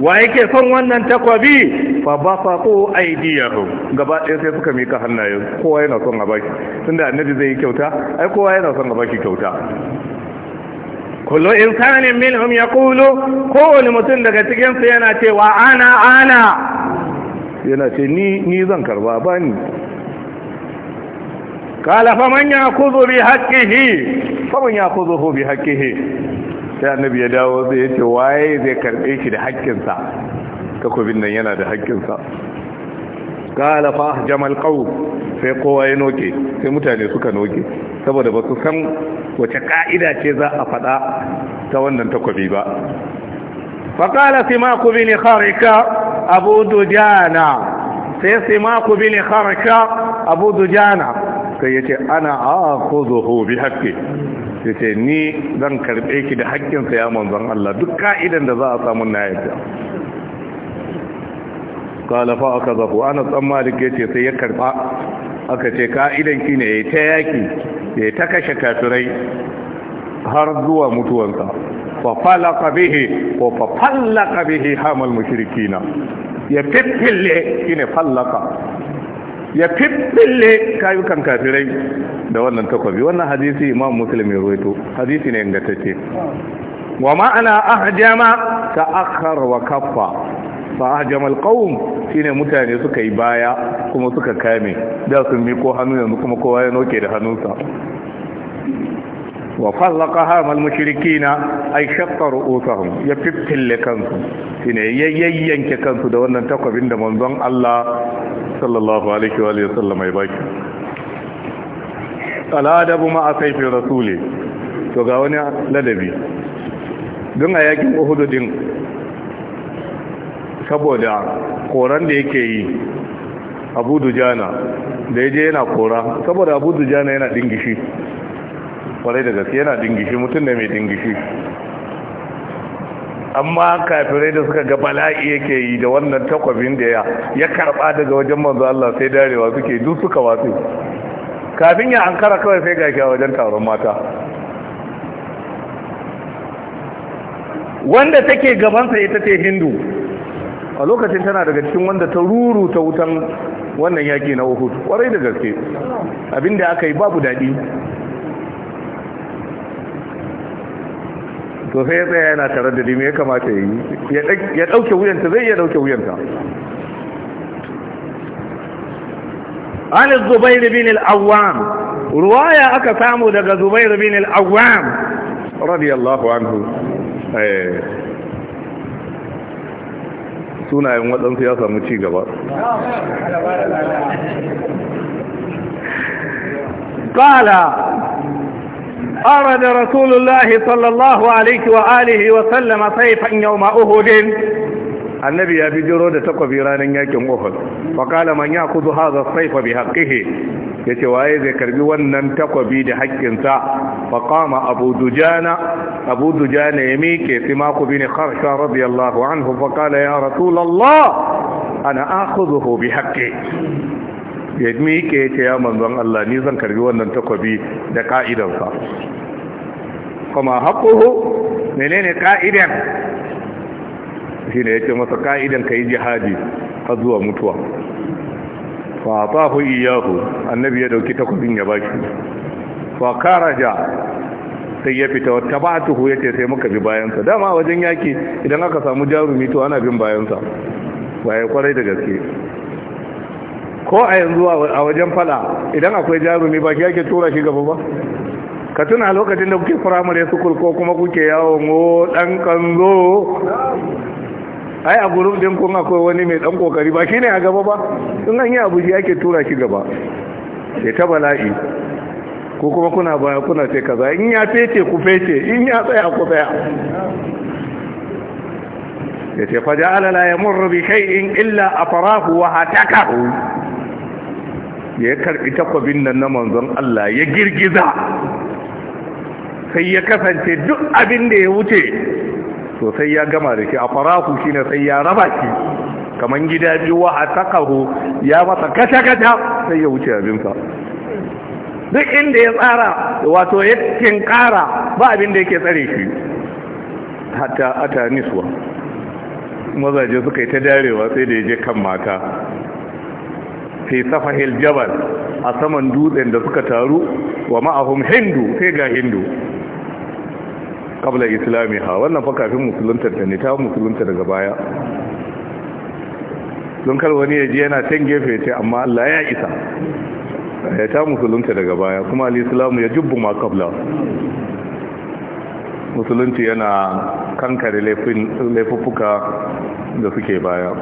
wa yake son wannan takwabi fa ba fa ko aidiyahu gaba ɗaya sai suka mika hannayen kowa yana son a baki tunda annabi zai yi kyauta ai kowa yana son a baki kyauta kullu insanin minhum yaqulu kowane mutum daga cikin su yana cewa ana ana yana ce ni ni zan karba bani kala faman ya kuzo bi haƙƙihi faman ya kuzo bi haƙƙihi sai annabi ya dawo zai ya ce waye zai karɓe shi da haƙƙinsa takobin nan yana da haƙƙinsa kala fa jamal qaw sai kowa ya noke sai mutane suka noke saboda ba su san wace ka'ida ce za a faɗa ta wannan takobi ba faƙala simaku ni kharika abu dujana sai simaku ni kharika abu dujana sai ya ce ana a ko zoho bi haƙƙi ya ce ni zan karɓe ki da haƙƙinsa ya manzan Allah duk ka'idan da za a samun na yadda ƙalafa aka zaho ana tsammalik ya ce sai ya karɓa aka ce ka'idan ki ne ya ta yaki ya ta kashe kafirai har zuwa mutuwansa fafalaka bihi ko fafallaka bihi hamal na. ya fiffille ne fallaka ya fiffille kayukan kafirai da wannan takwabi wannan hadisi imam muslim ya ruwaito hadisi ne ingantacce wa ma'ana ahjama ta'akhkhar wa kaffa fa ahjama alqawm shine mutane suka yi baya kuma suka kame da sun miko hannu yanzu kuma kowa ya noke da hannunsa wa farraqaha mal mushrikina ay shaqqa ru'usahum ya fiffille kansu shine yayyanke kansu da wannan takwabin da manzon Allah sallallahu alaihi wa sallam mai baki al'adabu ma a saifin rasuli to ga wani ladabi don a yakin uhudu din saboda koran da yake yi abu dujana da ya je yana kora saboda abu dujana yana dingishi kwarai da gaske yana dingishi mutum da mai dingishi amma kafirai da suka ga bala'i yake yi da wannan takwabin da ya ya karba daga wajen manzo Allah sai darewa suke duk suka wasu. kafin ya ankara kawai sai gashi a wajen taron mata wanda take gabansa ita ce hindu a lokacin tana daga cikin wanda ta ruru ta wutan wannan yaki na uhud kwarai da gaske abinda aka yi babu daɗi to sai ya tsaya yana tare da ni ya kamata ya yi ya dauke wuyanta zai iya dauke wuyanta Ali Zubair bin al-Awwam riwaya aka samu daga Zubair bin al-Awwam radiyallahu eh. waɗansu ya samu ci gaba. Kala, أرد رسول الله صلى الله عليه وآله وسلم سيفا يوم أهد annabi ya jiro da takwabi ranar yakin Uhud fa kala man yakudu hadha sayfa bi haqqihi yace waye zai karbi wannan takwabi da haƙƙinsa fa qama Abu Dujana Abu Dujana ya miƙe Simaku bin Kharsha radiyallahu anhu fa kala ana bi ya miƙe ya ce ya manzon Allah ni zan karbi wannan takobi da ka'idansa kuma haƙuhu menene ka'idan shi ne ya ce masa ka'idan ka yi jihadi har zuwa mutuwa fa atahu iyahu annabi ya dauki takobin ya baki fa karaja sai ya fita wata ba tuhu ya ce sai muka bi bayansa dama wajen yaki idan aka samu jarumi to ana bin bayansa waye kwarai da gaske ko a yanzu a wajen fada idan akwai jarumi ba shi yake tura shi gaba ba ka tuna lokacin da kuke firamare sukul ko kuma kuke yawon o dan kanzo ai a gurin din kun akwai wani mai dan kokari ba shine a gaba ba in an yi abu shi yake tura shi gaba ya ta bala'i ko kuma kuna baya kuna sai kaza in ya fete ku fete, in ya tsaya ku tsaya ya ce faja alala ya murra bi shay'in illa afarahu wa hatakahu ya karɓi takwabin nan na manzon Allah ya girgiza sai ya kasance duk abin da ya wuce to ya gama da shi a farahu shine sai ya raba shi kaman gida biyu wa atakahu ya masa kata kata sai ya wuce abinsa duk inda ya tsara wato ya ƙara ba abin da yake tsare shi hatta ata niswa mazaje suka yi ta darewa sai da ya je kan mata fi safahil jabal a saman dutsen da suka taru wa ma'ahum hindu sai ga hindu kabla ha wannan fa kafin musulunta da ne ta musulunta daga baya don kar wani ya ji yana can gefe ce amma Allah ya isa ya eh, ta musulunta daga baya kuma al-islamu ya jubbu ma kabla musulunci yana kankare laifuffuka da suke baya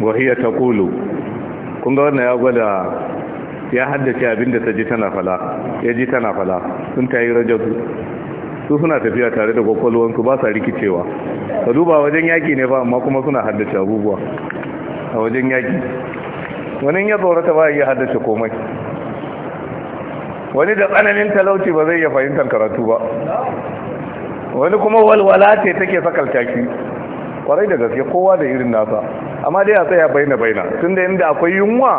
wahiyar ta kulu kun ga wannan ya gwada ya haddace abinda ta ji tana fala ya ji tana fala sun ta yi rajabu su suna tafiya tare da kwakwalwansu ba sa rikicewa ka duba wajen yaki ne ba amma kuma suna haddace abubuwa a wajen yaki wani ya tsorata ba ya haddace komai wani da tsananin talauci ba zai iya fahimtar karatu ba wani kuma walwala ce take sakal ki kwarai da gaske kowa da irin nasa amma dai a tsaya baina baina tun da inda akwai yunwa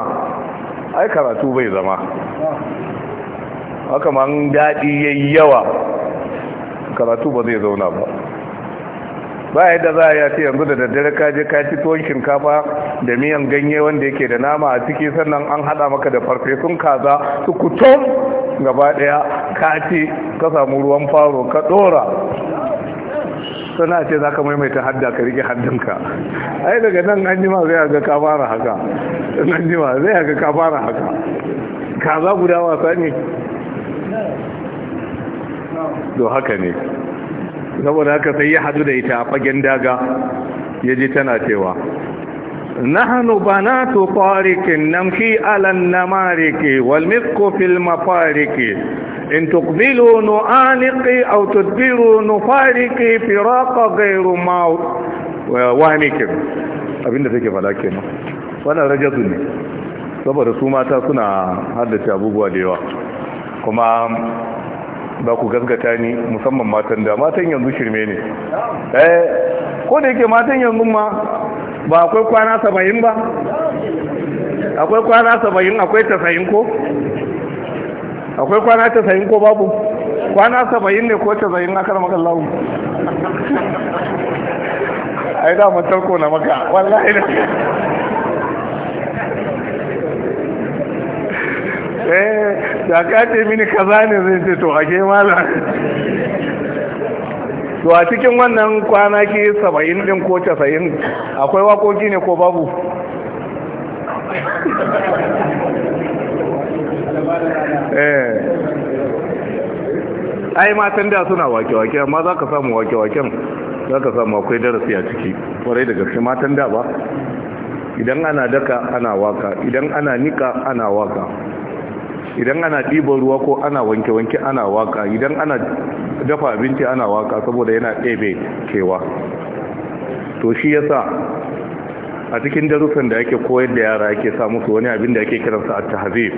ai karatu bai zama haka man daɗi yayi yawa karatu ba zai zauna ba ba yadda za a yace yanzu da daddare ka je ka ci tuwon shinkafa da miyan ganye wanda yake da nama a ciki sannan an haɗa maka da farfesun kaza su kutum gaba ɗaya ka ci ka samu ruwan faro ka dora sana ce za ka maimaita hadda ka rike haddanka ai daga nan an jima zai haka ka fara haka an jima zai haka ka fara haka kaza guda wasa ne do haka ne saboda haka sai ya hadu da ita a fagen daga ya ji tana cewa نحن بنات طارق نمشي على النمارك والمسك في المفارك إن تقبلوا نعانق أو تدبروا نفارق فراق غير موت وهمك abinda take fada kenan wannan rajazun ne saboda su mata suna haddace abubuwa da yawa kuma za ku gaskata ni musamman matan da matan yanzu shirme ne eh ko da yake matan yanzu ma ba akwai kwana saba'in ba akwai kwana saba'in akwai tasa'in ko akwai kwana tasa'in ko babu kwana saba'in ne ko tasa'in akar makallahu ai da matarko na maka wallahi da kace mini kaza ne zai ce to ake mala to a cikin wannan kwanaki saba'in din ko casa'in akwai wakoki ne ko babu eh. ai matan da suna wake-wake amma za ka samu wake-waken za ka samu akwai darasi a ciki kwarai da gaske matan da ba idan ana daka ana waka idan ana nika ana waka idan ana ɗiban ruwa ko ana wanke-wanke ana waka idan ana dafa abinci ana waka saboda yana ɗebe kewa to shi ya sa a cikin darussan da yake koyar da yara ake sa musu wani abin da yake kiransa a tahazif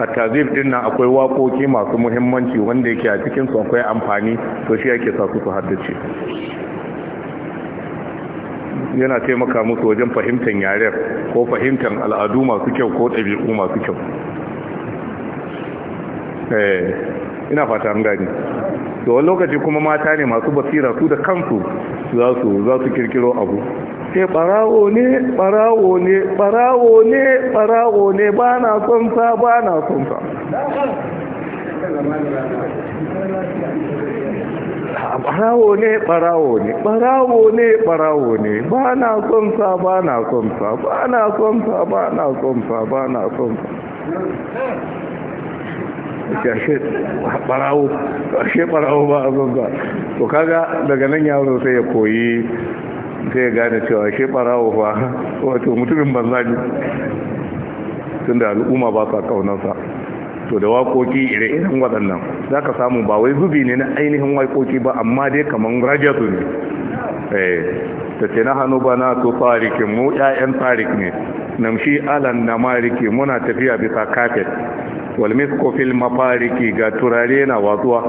a tahazif din nan akwai wakoki masu muhimmanci wanda yake a cikin su akwai amfani to shi yake sa su su haddace yana taimaka musu wajen fahimtar yare ko fahimtar al'adu masu kyau ko ɗabi'u masu kyau Eh, ina fata an gani to wani lokaci kuma mata ne masu basira su da kansu za su za su kirkiro abu sai eh, barawo ne barawo ne barawo ne barawo ne ba na son sa ba na son sa barawo ne barawo ne barawo ne barawo ne ba na son sa ba na son sa ba na son sa ba na son sa ba na son sa ashe barawo ba a ba ba to kaga daga nan yaro sai ya koyi sai ya gane cewa ashe barawo ba wato mutumin banza ne tunda al'umma ba sa kaunarsa to da wakoki ire-iren waɗannan za ka samu ba wai zubi ne na ainihin wakoki ba amma dai kamar rajatu ne eh, ta ce na hannu ba na to tsarikin mu 'ya'yan tsarik ne namshi alan na mariki muna tafiya bisa kafet wal fil mafariki ga turare na watsuwa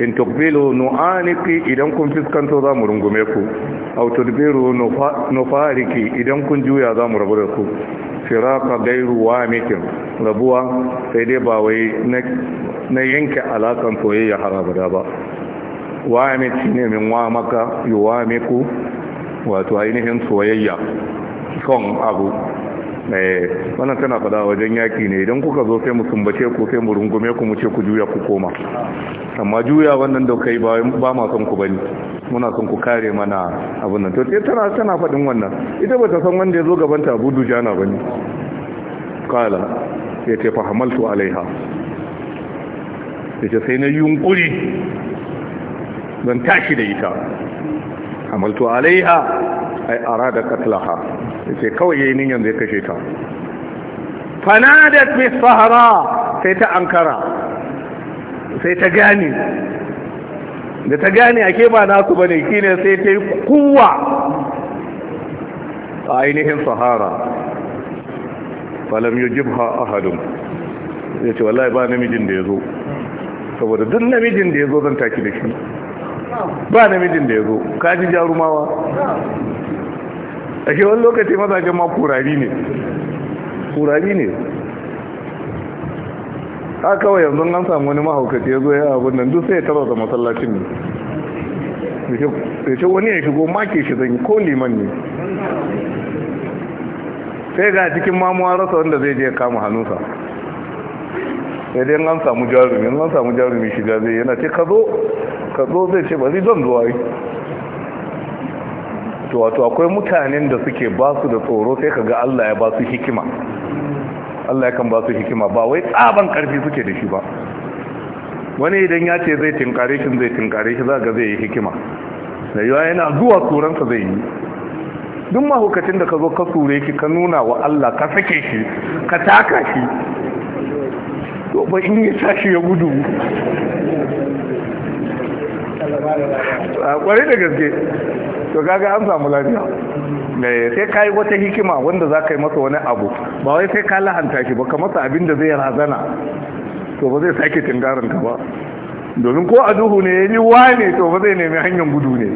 in tukbilu nu'aniki idan kun fiskanto za mu rungume ku aw tudbiru nufariki idan kun juya za mu rabu da ku firaka gairu wa mikin rabuwa sai dai ba wai na yanke alakan soyayya da ba wa miki ne min wa maka yi wa miku wato ainihin soyayya son abu Eh, wannan tana fada wajen yaki ne idan kuka zo sai mu sumbace ku sai mu rungume ku mu ce ku juya ku koma amma juya wannan da kai ba ba ma son ku bane muna son ku kare mana abin nan to sai tana tana fadin wannan ita ba ta san wanda ya zo gaban ta budu jana bane kala sai ta fahimtu alaiha sai sai na yunkuri zan tashi da ita Amaltu alaiha ai arada katlaha yace kawai yayin yanzu zai kashe ta fanadat fi sahara sai ta ankara sai ta gane da ta gane ake ba nasu bane kine sai ta yi kuwa a ainihin sahara falam yujibha ahadun yace wallahi ba namijin da yazo saboda duk namijin da ya zo zan taki da shi ba namijin da ya zo kaji jarumawa a ke wani lokaci mazajen ma kurari ne kurari ne a kawai yanzu an samu wani mahaukaci ya zo ya abin nan duk sai ya da masallacin ne da ce wani ya shigo maki shi zan ko liman ne sai ga cikin mamuwa rasa wanda zai je kama hannunsa ya dai an samu jarumi an samu jarumi shiga zai yana ce ka zo ka zo zai ce ba zai zan zuwa yi to wato akwai mutanen da suke ba su da tsoro sai kaga Allah ya ba su hikima Allah ya kan ba su hikima ba wai tsaban karfi suke da shi ba wani idan ya ce zai tinkare shi zai tinkare shi zaga zai yi hikima da yawa yana zuwa turansa zai yi duk mahukacin da ka zo ka sure shi ka nuna wa Allah ka sake shi ka taka shi to ba in ya tashi ya gudu a kwarai da gaske to kaga an samu lafiya eh, sai ka yi wata hikima wanda za ka yi masa wani abu ba wai sai ka lahanta shi ba ka masa abin da zai razana to ba zai sake tungarin ka ba domin ko a duhu ne ya yi wane to ba zai nemi hanyar gudu ne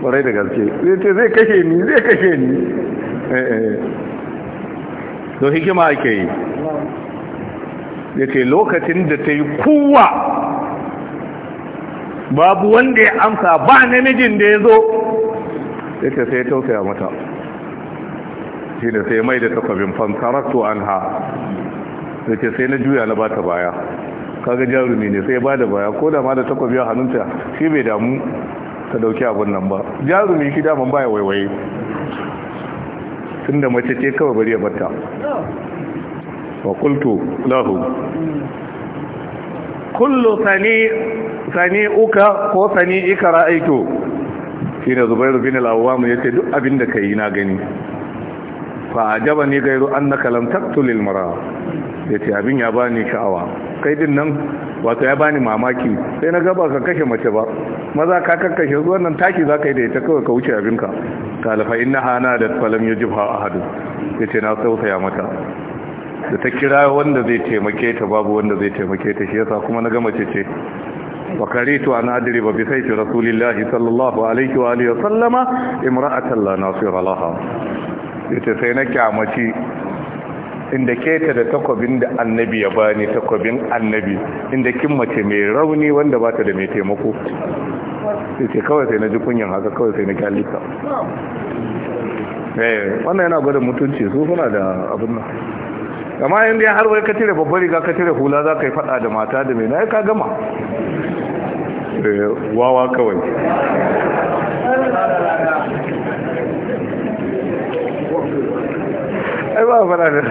warai da gaske zai ce zai kashe ni zai kashe ni eh, eh, to hikima ake yi ya ce lokacin da ta yi kuwa babu wanda ya amsa ba namijin da ya zo yake sai ya tausaya mata shi ne sai mai da takwabin fansarattu an ha da sai na juya na bata baya kaga jarumi ne sai ba da baya ko da ma da takwabi a hannunta shi bai damu ta dauki abin nan ba jarumi shi daman baya waiwaye da mace ce kawai bari ya bata Wakultu, lahu kullu sani uka ko sani ika aito shi ne Zubairu bin al'awamu ya ce duk abin da ka yi na gani Ba a jaba ni gairu an na kalamtar tulil mara ya ce abin ya ba ni sha'awa kai din nan wato ya bani mamaki sai na gaba ka kashe mace ba maza ka kakkashe wannan taki za ka yi da ita kawai ka wuce abinka kalafa na hana da falam ya jifa a hadu ya ce na sausaya mata da ta kira wanda zai taimake ta babu wanda zai taimake ta shi yasa kuma na gama ce ce وكريت أن أدرب بسيف رسول الله صلى الله عليه وآله وسلم امرأة لا ناصر لها يتسينك عمتي inda keta da takwabin da annabi ya bani takwabin annabi inda kin mace mai rauni wanda ba ta da mai taimako ce kawai sai na ji kunyan haka kawai sai na kyalita wannan yana gwada mutunci su suna da abin nan amma inda ya har wai ka cire babbar riga ka cire hula za ka yi fada da mata da mai na ka gama Eh, wawa kawai ai ba fara da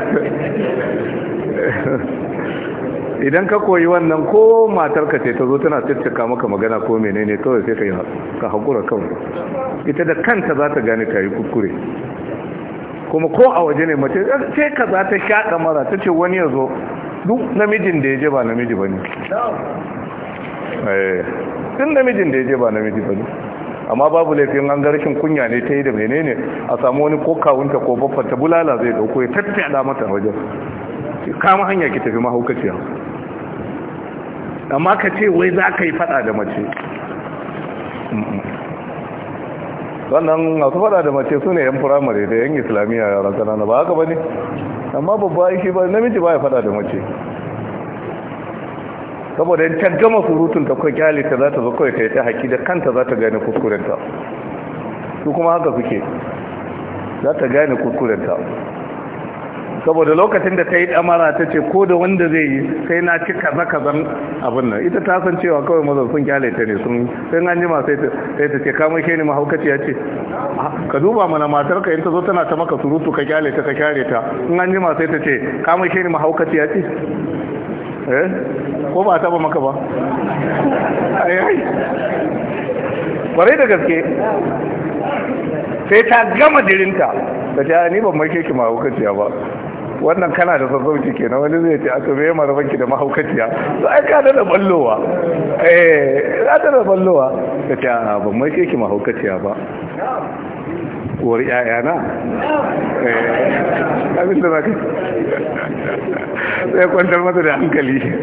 idan ka koyi wannan ko matarka ce ta zo tana ciccika maka magana ko menene kawai sai ka yi ka haƙura kawai ita da kanta za ta gane ka yi kukure kuma ko a waje ne mace sai ka za ta shaƙa mara ta ce wani ya zo duk namijin da ya je ba namiji ba ne Eh, tun namijin da ya je ba namiji ba ne amma babu laifin an garshin kunya ne ta yi da ne a samu wani ko kawunta ko baffanta bulala zai dauko ya a mata wajen kama hanya ki tafi mahaukaciya amma ka ce wai za ka yi fada da mace wannan masu fada da mace su ne yan firamare da yan islamiyya yaran kanana ba haka ba ne amma babba shi ba namiji ba ya fada da mace saboda in ta gama surutun ta kai kyale ta za ta zo kawai ta yi ta haki da kanta za ta gane kuskurenta su kuma haka suke za ta gane kuskurenta saboda lokacin da ta yi damara ta ce ko da wanda zai yi sai na ci kaza kazan abin nan ita ta san cewa kawai mazan sun kyale ta ne sun sai an jima sai ta ce kamar ke ne mahaukaci ya ce ah, ka duba mana matar ka in ta zo tana ta maka surutu ka kyale ta ka kyale ta in an jima sai ta ce kamar ke ne mahaukaci ya ce eh ko ba taba maka ba kwarai da gaske sai ta gama dirinta ta ce ni ban mai keke mahaukaciya ba wannan kana da sassauci ke na wani zai ce tobe mara banki da mahaukaciya za a kada da ballowa eh za ta da ballowa ta ce ban mai keke mahaukaciya ba uwar انا abin da za ka sai kwantar mata da hankali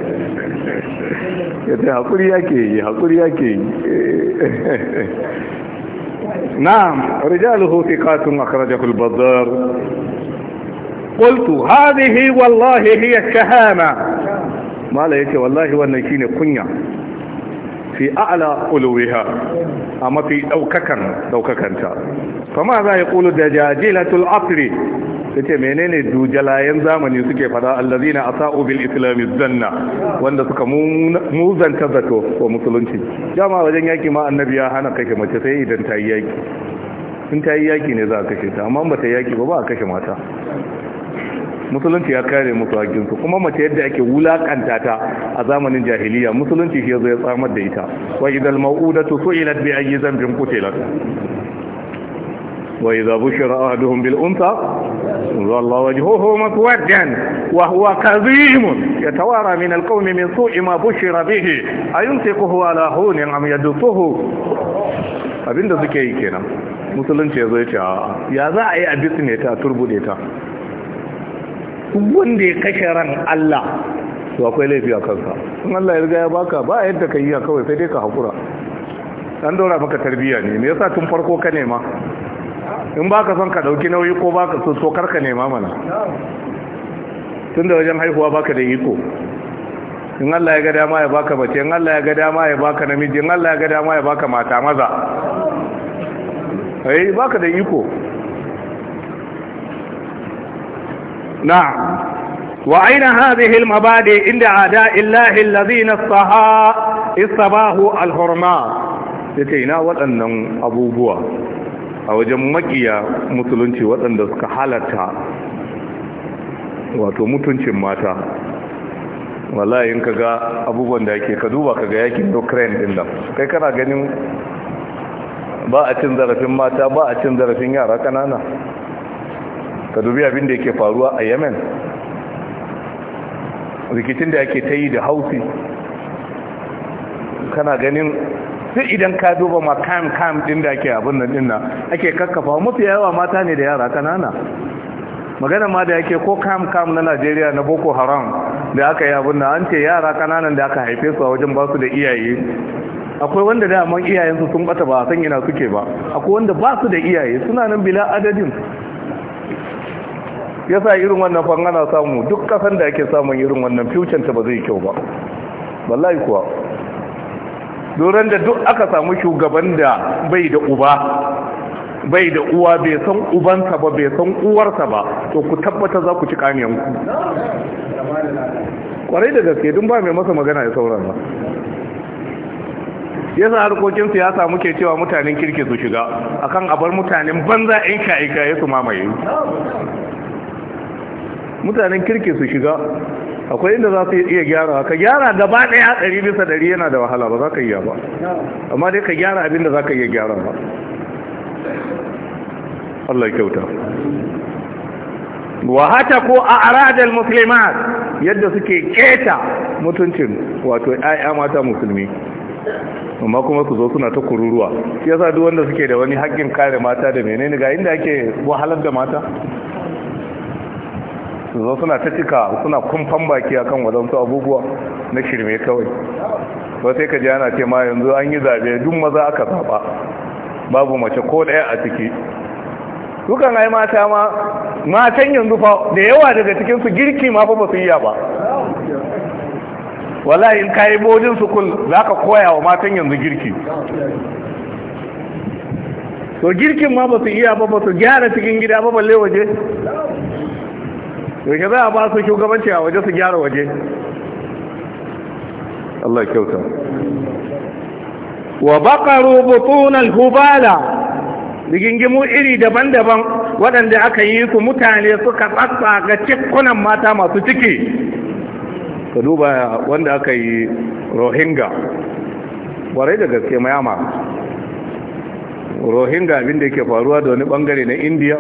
ya ta haƙuri يا نعم رجاله ثقات أخرجه البزار قلت هذه والله هي الشهامة ما لا والله والنكين كنيا في أعلى قلوها a mafi daukakan daukakanta kuma za ya kulu da jajilatul asri yace menene dujalayen zamani suke fada allazina asa'u bil islam zanna wanda suka muzanta zato wa musulunci jama'a wajen yaki ma annabi ya hana kake mace sai idan ta yi yaki in ta yi yaki ne za ka kashe ta amma ba ta yaki ba ba ka kashe mata musulunci ya kare musu hakinsu kuma mace yadda ake wulakanta ta a zamanin jahiliya musulunci shi yazo ya tsamar da ita wa idal mau'udatu su'ilat bi ayyi dhanbin qutilat wa idza bushira ahaduhum bil unsa wallahu wajhuhu muswaddan wa huwa kadhim yatawara min al qawmi min su'i ma bushira bihi ayunsiquhu ala hunin am yadsuhu abinda suke yi kenan musulunci yazo ya ce ya za a yi a bisne ta turbude ta duk wanda ya kashe ran Allah to akwai laifi a kansa in Allah ya riga ya baka ba yadda ka yi a kawai sai dai ka hakura an dora maka tarbiyya ne me yasa tun farko ka nema in baka son ka dauki nauyi ko baka so so karka nema mana Tun da wajen haihuwa baka da iko in Allah ya ga dama ya baka mace in Allah ya ga dama ya baka namiji in Allah ya ga dama ya baka mata maza eh baka da iko نعم وأين هذه المبادئ عند أعداء الله الذين استها استباه الحرماء يتينا وأنهم أبو بوا أو جمكيا مسلنتي وأن دسك حالتا wato mutuncin mata wallahi in kaga abubuwan da yake ka duba kaga yakin Ukraine din nan kai kana ganin ba a cin zarafin mata ba a cin zarafin yara kanana ka dubi abin da yake faruwa a yemen rikicin da yake ta yi da hausi kana ganin sai idan ka duba ma kam kam din da ake abin nan dinna ake kakkafa mafi yawa mata ne da yara kanana magana ma da yake ko kam kam na Najeriya na Boko Haram da aka yi abin nan an ce yara kananan da aka haife su a wajen ba su da iyaye akwai wanda da amma iyayensu sun bata ba a san yana suke ba akwai wanda ba su da iyaye suna nan bila adadin yasa irin wannan fangana samu duk kasan da ake samun irin wannan future ta ba zai kyau ba wallahi kuwa doron da duk aka samu shugaban da bai da uba bai da uwa bai san ubansa ba bai san uwarsa ba to ku tabbata za ku ci kaniyanku kwarai da gaske dun ba mai masa magana ya sauran ba yasa harkokin siyasa muke cewa mutanen kirki su shiga akan abar mutanen banza in ka'ika ya su mamaye mutanen kirki su shiga akwai inda za su iya gyara ka gyara gaba daya ɗari bisa dari yana da wahala ba za ka iya ba amma dai ka gyara abin da za ka iya gyara ba Allah kyauta wa hata ko a aradar musulman yadda suke keta mutuncin wato 'ya'ya mata musulmi amma kuma su zo suna ta kururuwa ya sa duk wanda suke da wani haƙƙin kare mata da menene ga inda ake wahalar da mata su zo suna ta cika suna kumfan baki akan wadansu abubuwa na shirme kawai ba sai ka ji ana ce ma yanzu an yi zabe duk maza aka zaba babu mace ko daya a ciki dukan ai mata ma matan yanzu fa da yawa daga cikin su girki ma fa ba su yi ba wallahi in kai bodin su kul zaka koya wa matan yanzu girki to girkin ma ba su iya ba ba su gyara cikin gida ba balle waje daga za a ba su shugabanci a waje su gyara waje Allah kyauta wa baqaru butunal hubala rigingimu iri daban-daban waɗanda aka yi su mutane suka tsatsa ga cikunan mata masu ciki ka duba wanda aka yi rohingya warai da gaske mayama rohingya abinda yake faruwa da wani bangare na indiya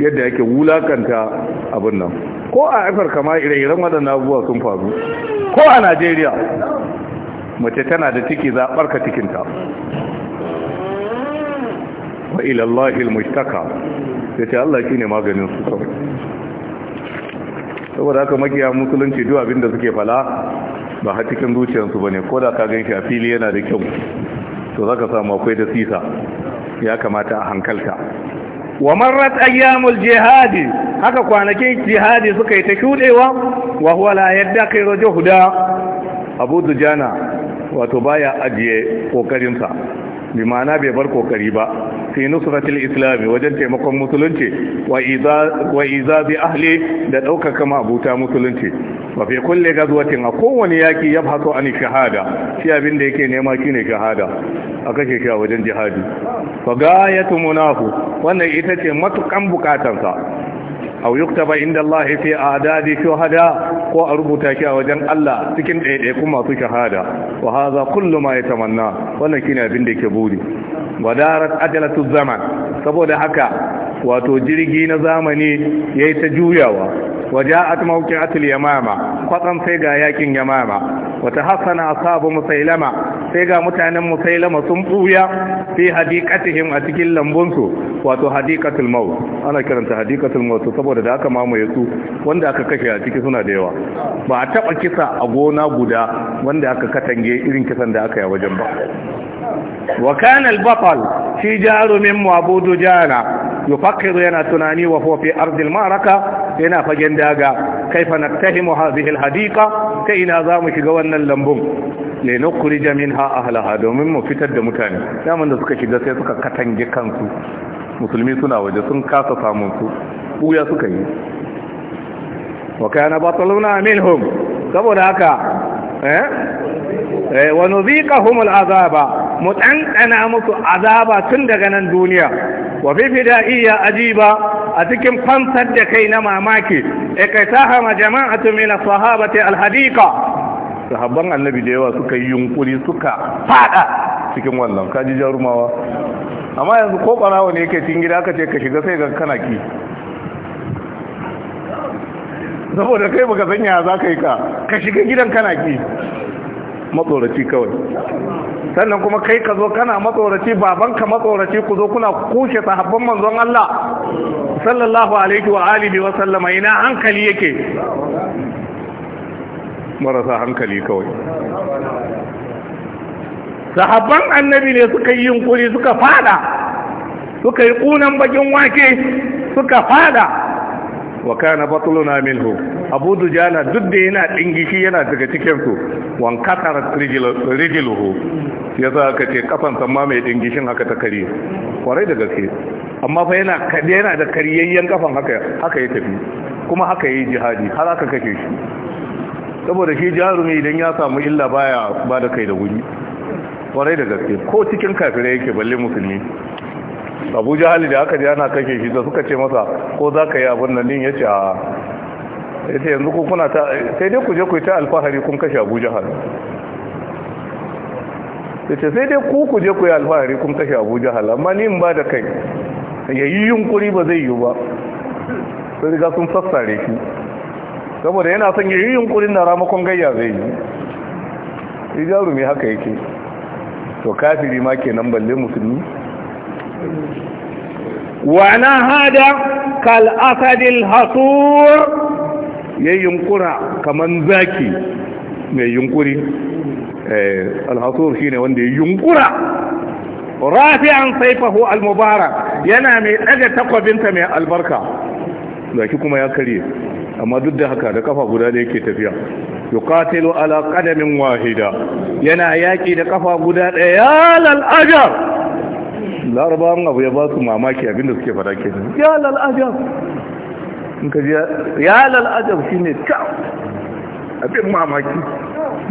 yadda yake wulakanta abin nan ko a afirka ma ire-iren waɗannan abubuwa sun faru ko a najeriya mace tana da ciki za a ɓarka cikinta wa ilallahi almustaka ya ce Allah shi ne maganin su kawai saboda haka makiya musulunci duk abin da suke fala ba har cikin zuciyarsu ba ne ko da ka gan shi a fili yana da kyau to za ka samu akwai da sisa ya kamata a hankalta wa marrat ayyamul jihad haka kwanakin jihadi suka yi ta shudewa wa huwa la rojo juhda Abu Dujana wato baya ajiye kokarin sa bi ma'ana bai bar kokari ba fi nusratil islam wajen taimakon musulunci wa iza wa iza bi ahli da dauka kama abuta musulunci wa kulle kulli a kowane yaki yabhasu an shahada shi abin da yake nema ne shahada a kashe shi a wajen jihadi fa gayatu munahu wannan ita ce matukan bukatansa aw yuktaba inda Allah fi adadi shuhada ko a rubuta shi a wajen Allah cikin ɗaiɗai kuma masu shahada wa hadha kullu ma yatamanna wannan shine abin da yake buri wadarat ajalatu zaman saboda haka wato jirgi na zamani yayi ta juyawa waje a maukin atul yamama kwatsan sai ga yakin yamama wata hassana asabu musailama sai ga mutanen musailama sun buya fi hadiqatihim a cikin lambunsu wato hadiqatul maut ana kiranta hadiqatul maut saboda da aka mamaye su wanda aka kashe a ciki suna da yawa ba a taɓa kisa a gona guda wanda aka katange irin kisan da aka yi wajen ba wa kana al shi jarumin min mu abudu jana yana tunanin wa huwa ardil maraka yana fagen daga kaifa naktahimu hadhihi hadika. ta ina za mu shiga wannan lambun le nukrija minha halaha. domin mu fitar da mutane daman da suka shiga sai suka katange kansu musulmi suna waje sun kasa samun su buya suka yi wa kana bataluna minhum saboda haka eh, eh wa nuziqahum al'azaba mu ɗanɗana muku azaba tun daga nan duniya wa fi fida'iyya ajiba a cikin fansar da kai na mamaki E kai ikatahama jama'atu min as-sahabati alhadika hadiqa sahabban annabi da yawa suka yi yunkuri suka fada cikin wannan kaji jarumawa amma yanzu ko barawa ne yake cikin gida aka ce ka shiga sai ga kana ki saboda kai baka sanya za ka yi ka ka shiga gidan kana ki matsoraci kawai sannan kuma kai ka zo kana matsoraci babanka matsoraci ku zo kuna kushe sahabban manzon Allah sallallahu alaihi wa alihi wa sallama ina hankali yake marasa hankali kawai sahabban annabi ne suka yi yunkuri suka fada suka yi kunan bakin wake suka fada wa kana batluna minhu abu dujana duk da yana dingishi yana daga cikin su wan kasar rijiluhu ya za ka ce kafan ma mai dingishin haka ta kare kwarai da gaske amma fa yana kade yana da kariyayyen kafan haka haka ya tafi kuma haka yayi jihadi har aka kake shi saboda shi jarumi idan ya samu illa baya ba da kai da wuri kwarai da gaske ko cikin kafirai yake balle musulmi abu jahali da aka ji ana kake shi da suka ce masa ko za ka yi abin nan din ya ce a yace yanzu ku kuna ta sai dai ku je ku yi ta alfahari kun kashe Abuja hannu yace sai dai ku ku je ku yi alfahari kun kashe abuja hannu amma ni in ba da kai yayi yunkuri ba zai yi ba sai riga sun sassare shi saboda yana son ya yi yunkurin na ramakon gayya zai yi jaru mai haka yake to kafiri ma kenan balle musulmi wa na hada kal asadil hasur ya yunkura kamar zaki mai yunkuri shi eh, shine wanda ya yunkura rafi'an saifahu al-mubarak yana mai daga takwabinta mai albarka Zaki kuma ya karye amma duk da haka da kafa guda da yake tafiya yuqatilu ala qadamin wahida yana yaki da kafa guda daya lal ajar larabawan abu ya ba su mamaki abinda suke fada kenan ya lal ajar in ka biya ya lal'ajab shi ne ta abin mamaki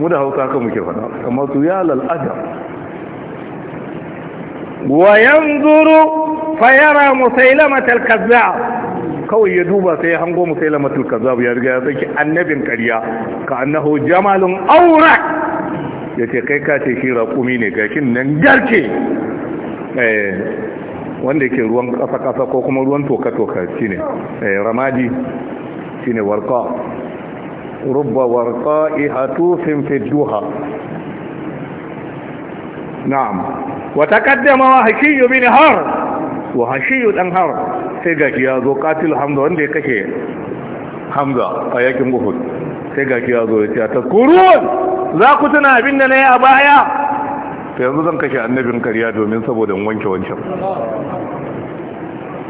mu da hauka kan muke fana, amma su ya lal'ajab wayan zuru fayara musailamatar kazzab kawai ya duba sai ya hango musailamatar kazzab ya riga ya tsaki annabin karya ka annahu jamalun aura ya ce kai ka ce shi raƙumi ne gashin nan garke eh, wanda yake ruwan ƙasa-ƙasa ko kuma ruwan toka-toka shine eh, ramadi shine warqa rubba warqa'i hatufin fi duha na'am wa taqaddama wa hashiyu bin har wa hashiyu dan har sai gaki ya zo katil hamza wanda ya kashe hamza a yakin uhud sai gaki ya zo ya ce tazkurun za ku tuna abin da na yi a baya yanzu zan kashe annabin karya domin saboda wanke wancan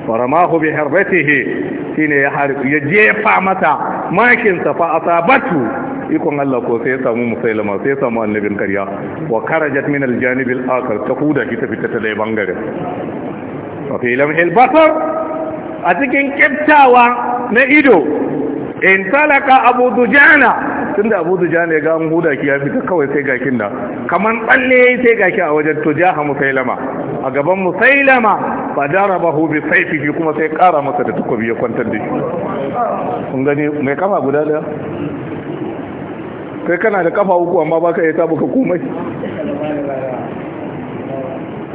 faramahu bi harbatihi shine ya ya jefa mata makin sa fa asabatu ikon Allah ko sai ya samu musailama sai ya samu annabin karya wa karajat min aljanib al ta huda ki ta fita ta dai bangare wa fi a cikin kiftawa na ido in talaka abu dujana tun da Abudu jihar ne ga an huda ki ya fita kawai sai gakin da kamar tsalle sai gaki a wajen to jaha musailama a gaban musailama ba darabahu bi sayfihi kuma sai kara masa da takobi ya kwantar da shi kun gani mai kama guda da kai kana da kafa uku amma baka yi tabu ka komai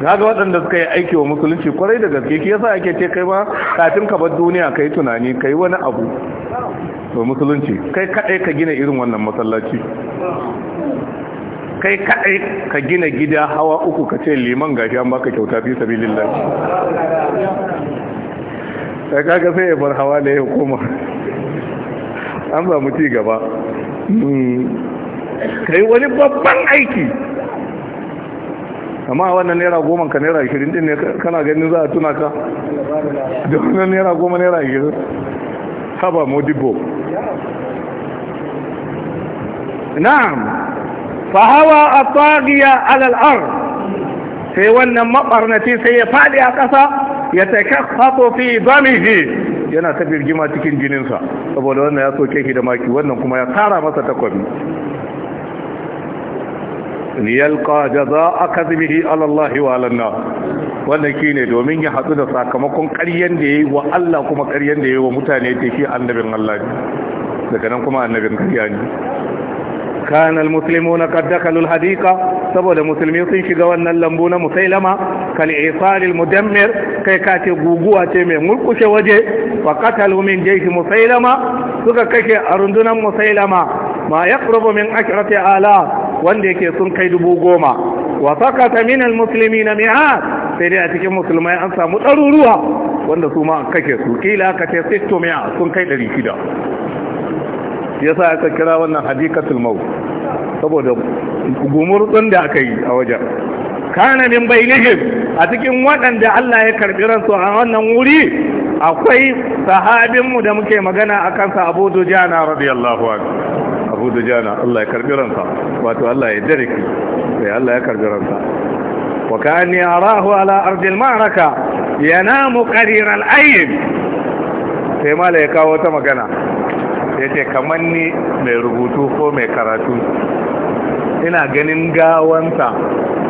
ga waɗanda suka yi aiki wa musulunci kwarai da gaske shi yasa ake ce kai ma kafin ka bar duniya kai tunani kai wani abu to musulunci kai kadai ka gina irin wannan masallaci kai kadai ka gina gida hawa uku ka ce liman gashi an baka kyauta fi sabilillah sai kaga sai ya bar hawa da ya koma an ba mu ci gaba hmm. kai wani babban aiki amma wannan naira goma ka naira ashirin din ne kana ganin za a tuna ka da wannan naira goma naira ashirin haba modibo na'am fahawa a tsagiya alal'ar sai wannan maɓarnaci sai ya faɗi a ƙasa ya taika hato fi zamihi yana ta birgima cikin jininsa saboda wannan ya soke shi da maki wannan kuma ya kara masa takwabi liyalqa jaza'a kadhibihi ala Allah wa ala an wannan ne domin ya hatsu da sakamakon ƙaryen da yi wa Allah kuma ƙaryen da yi wa mutane ce shi annabin Allah ne daga nan kuma annabin ƙarya ne kana musulmi na dakalu Hadika saboda musulmi sun shiga wannan lambu na musailama kal isal almudammir kai ka ce guguwa ce mai mulkushe waje wa qatalu min jaysh musailama suka kashe a rundunar musailama ma yaqrubu min ashrati ala wanda yake sun kai dubu goma wa sakata min na mi'at sai dai a cikin musulmai an samu ɗaruruwa wanda su ma kake su kila ka ce sistomiya sun kai ɗari shida ya sa aka kira wannan hadikatul tulmau saboda ɗin da aka yi a wajen kana min bainihim a cikin waɗanda Allah ya karɓi ransu a wannan wuri akwai sahabinmu da muke magana a kansa Abu Dujana radiyallahu anhu Abu Dujana Allah ya karɓi ransa wato Allah ya dare ki sai Allah ya karɓi ransa وكاني اراه على ارض المعركه ينام قرير العين فيما magana. وتمكنا yace kamar ni mai rubutu ko mai karatu ina ganin gawansa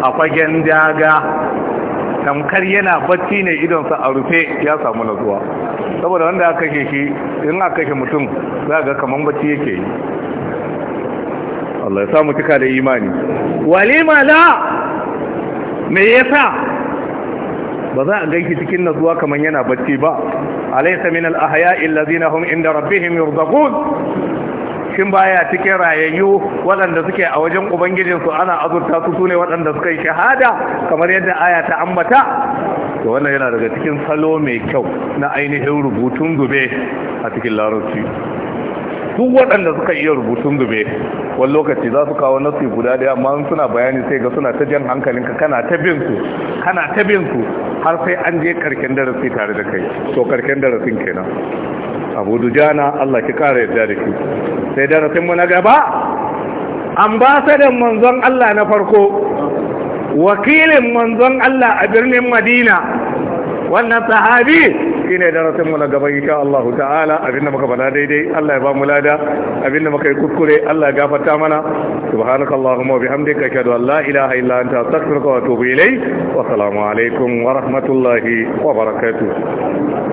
a fagen daga tamkar yana bacci ne idonsa a rufe ya samu nutsuwa saboda wanda aka kashe shi in aka kashe mutum za ga kamar bacci yake yi Allah ya samu cika da imani walima la me yasa ba za a ganki cikin nazuwa kaman yana bacci ba alaysa min al illazina hum inda rabbihim yurzaqun shin baya cikin rayayyu wadanda suke a wajen ubangijinsu ana azurta su sune wadanda suka yi shahada kamar yadda aya ta ambata to wannan yana daga cikin salo mai kyau na ainihin rubutun zube a cikin larabci duk waɗanda suka iya rubutun zube wani lokaci za su kawo nasu guda daya amma suna bayani sai ga suna ta jan hankalinka kana ta bin su kana ta bin su har sai an je karken darasi tare da kai to karken darasin kenan abu dujana Allah ki kara yadda da ki sai darasin mu na gaba ambasadan manzon Allah na farko wakilin manzon Allah a birnin Madina wannan sahabi shine darasin mu na gaba insha Allah ta'ala abinda muka faɗa daidai Allah ya ba mu lada abinda muka yi kuskure Allah ya gafarta mana subhanakallahumma wa bihamdika ashhadu an la ilaha illa anta astaghfiruka wa atubu ilayk wa assalamu alaikum wa rahmatullahi wa barakatuh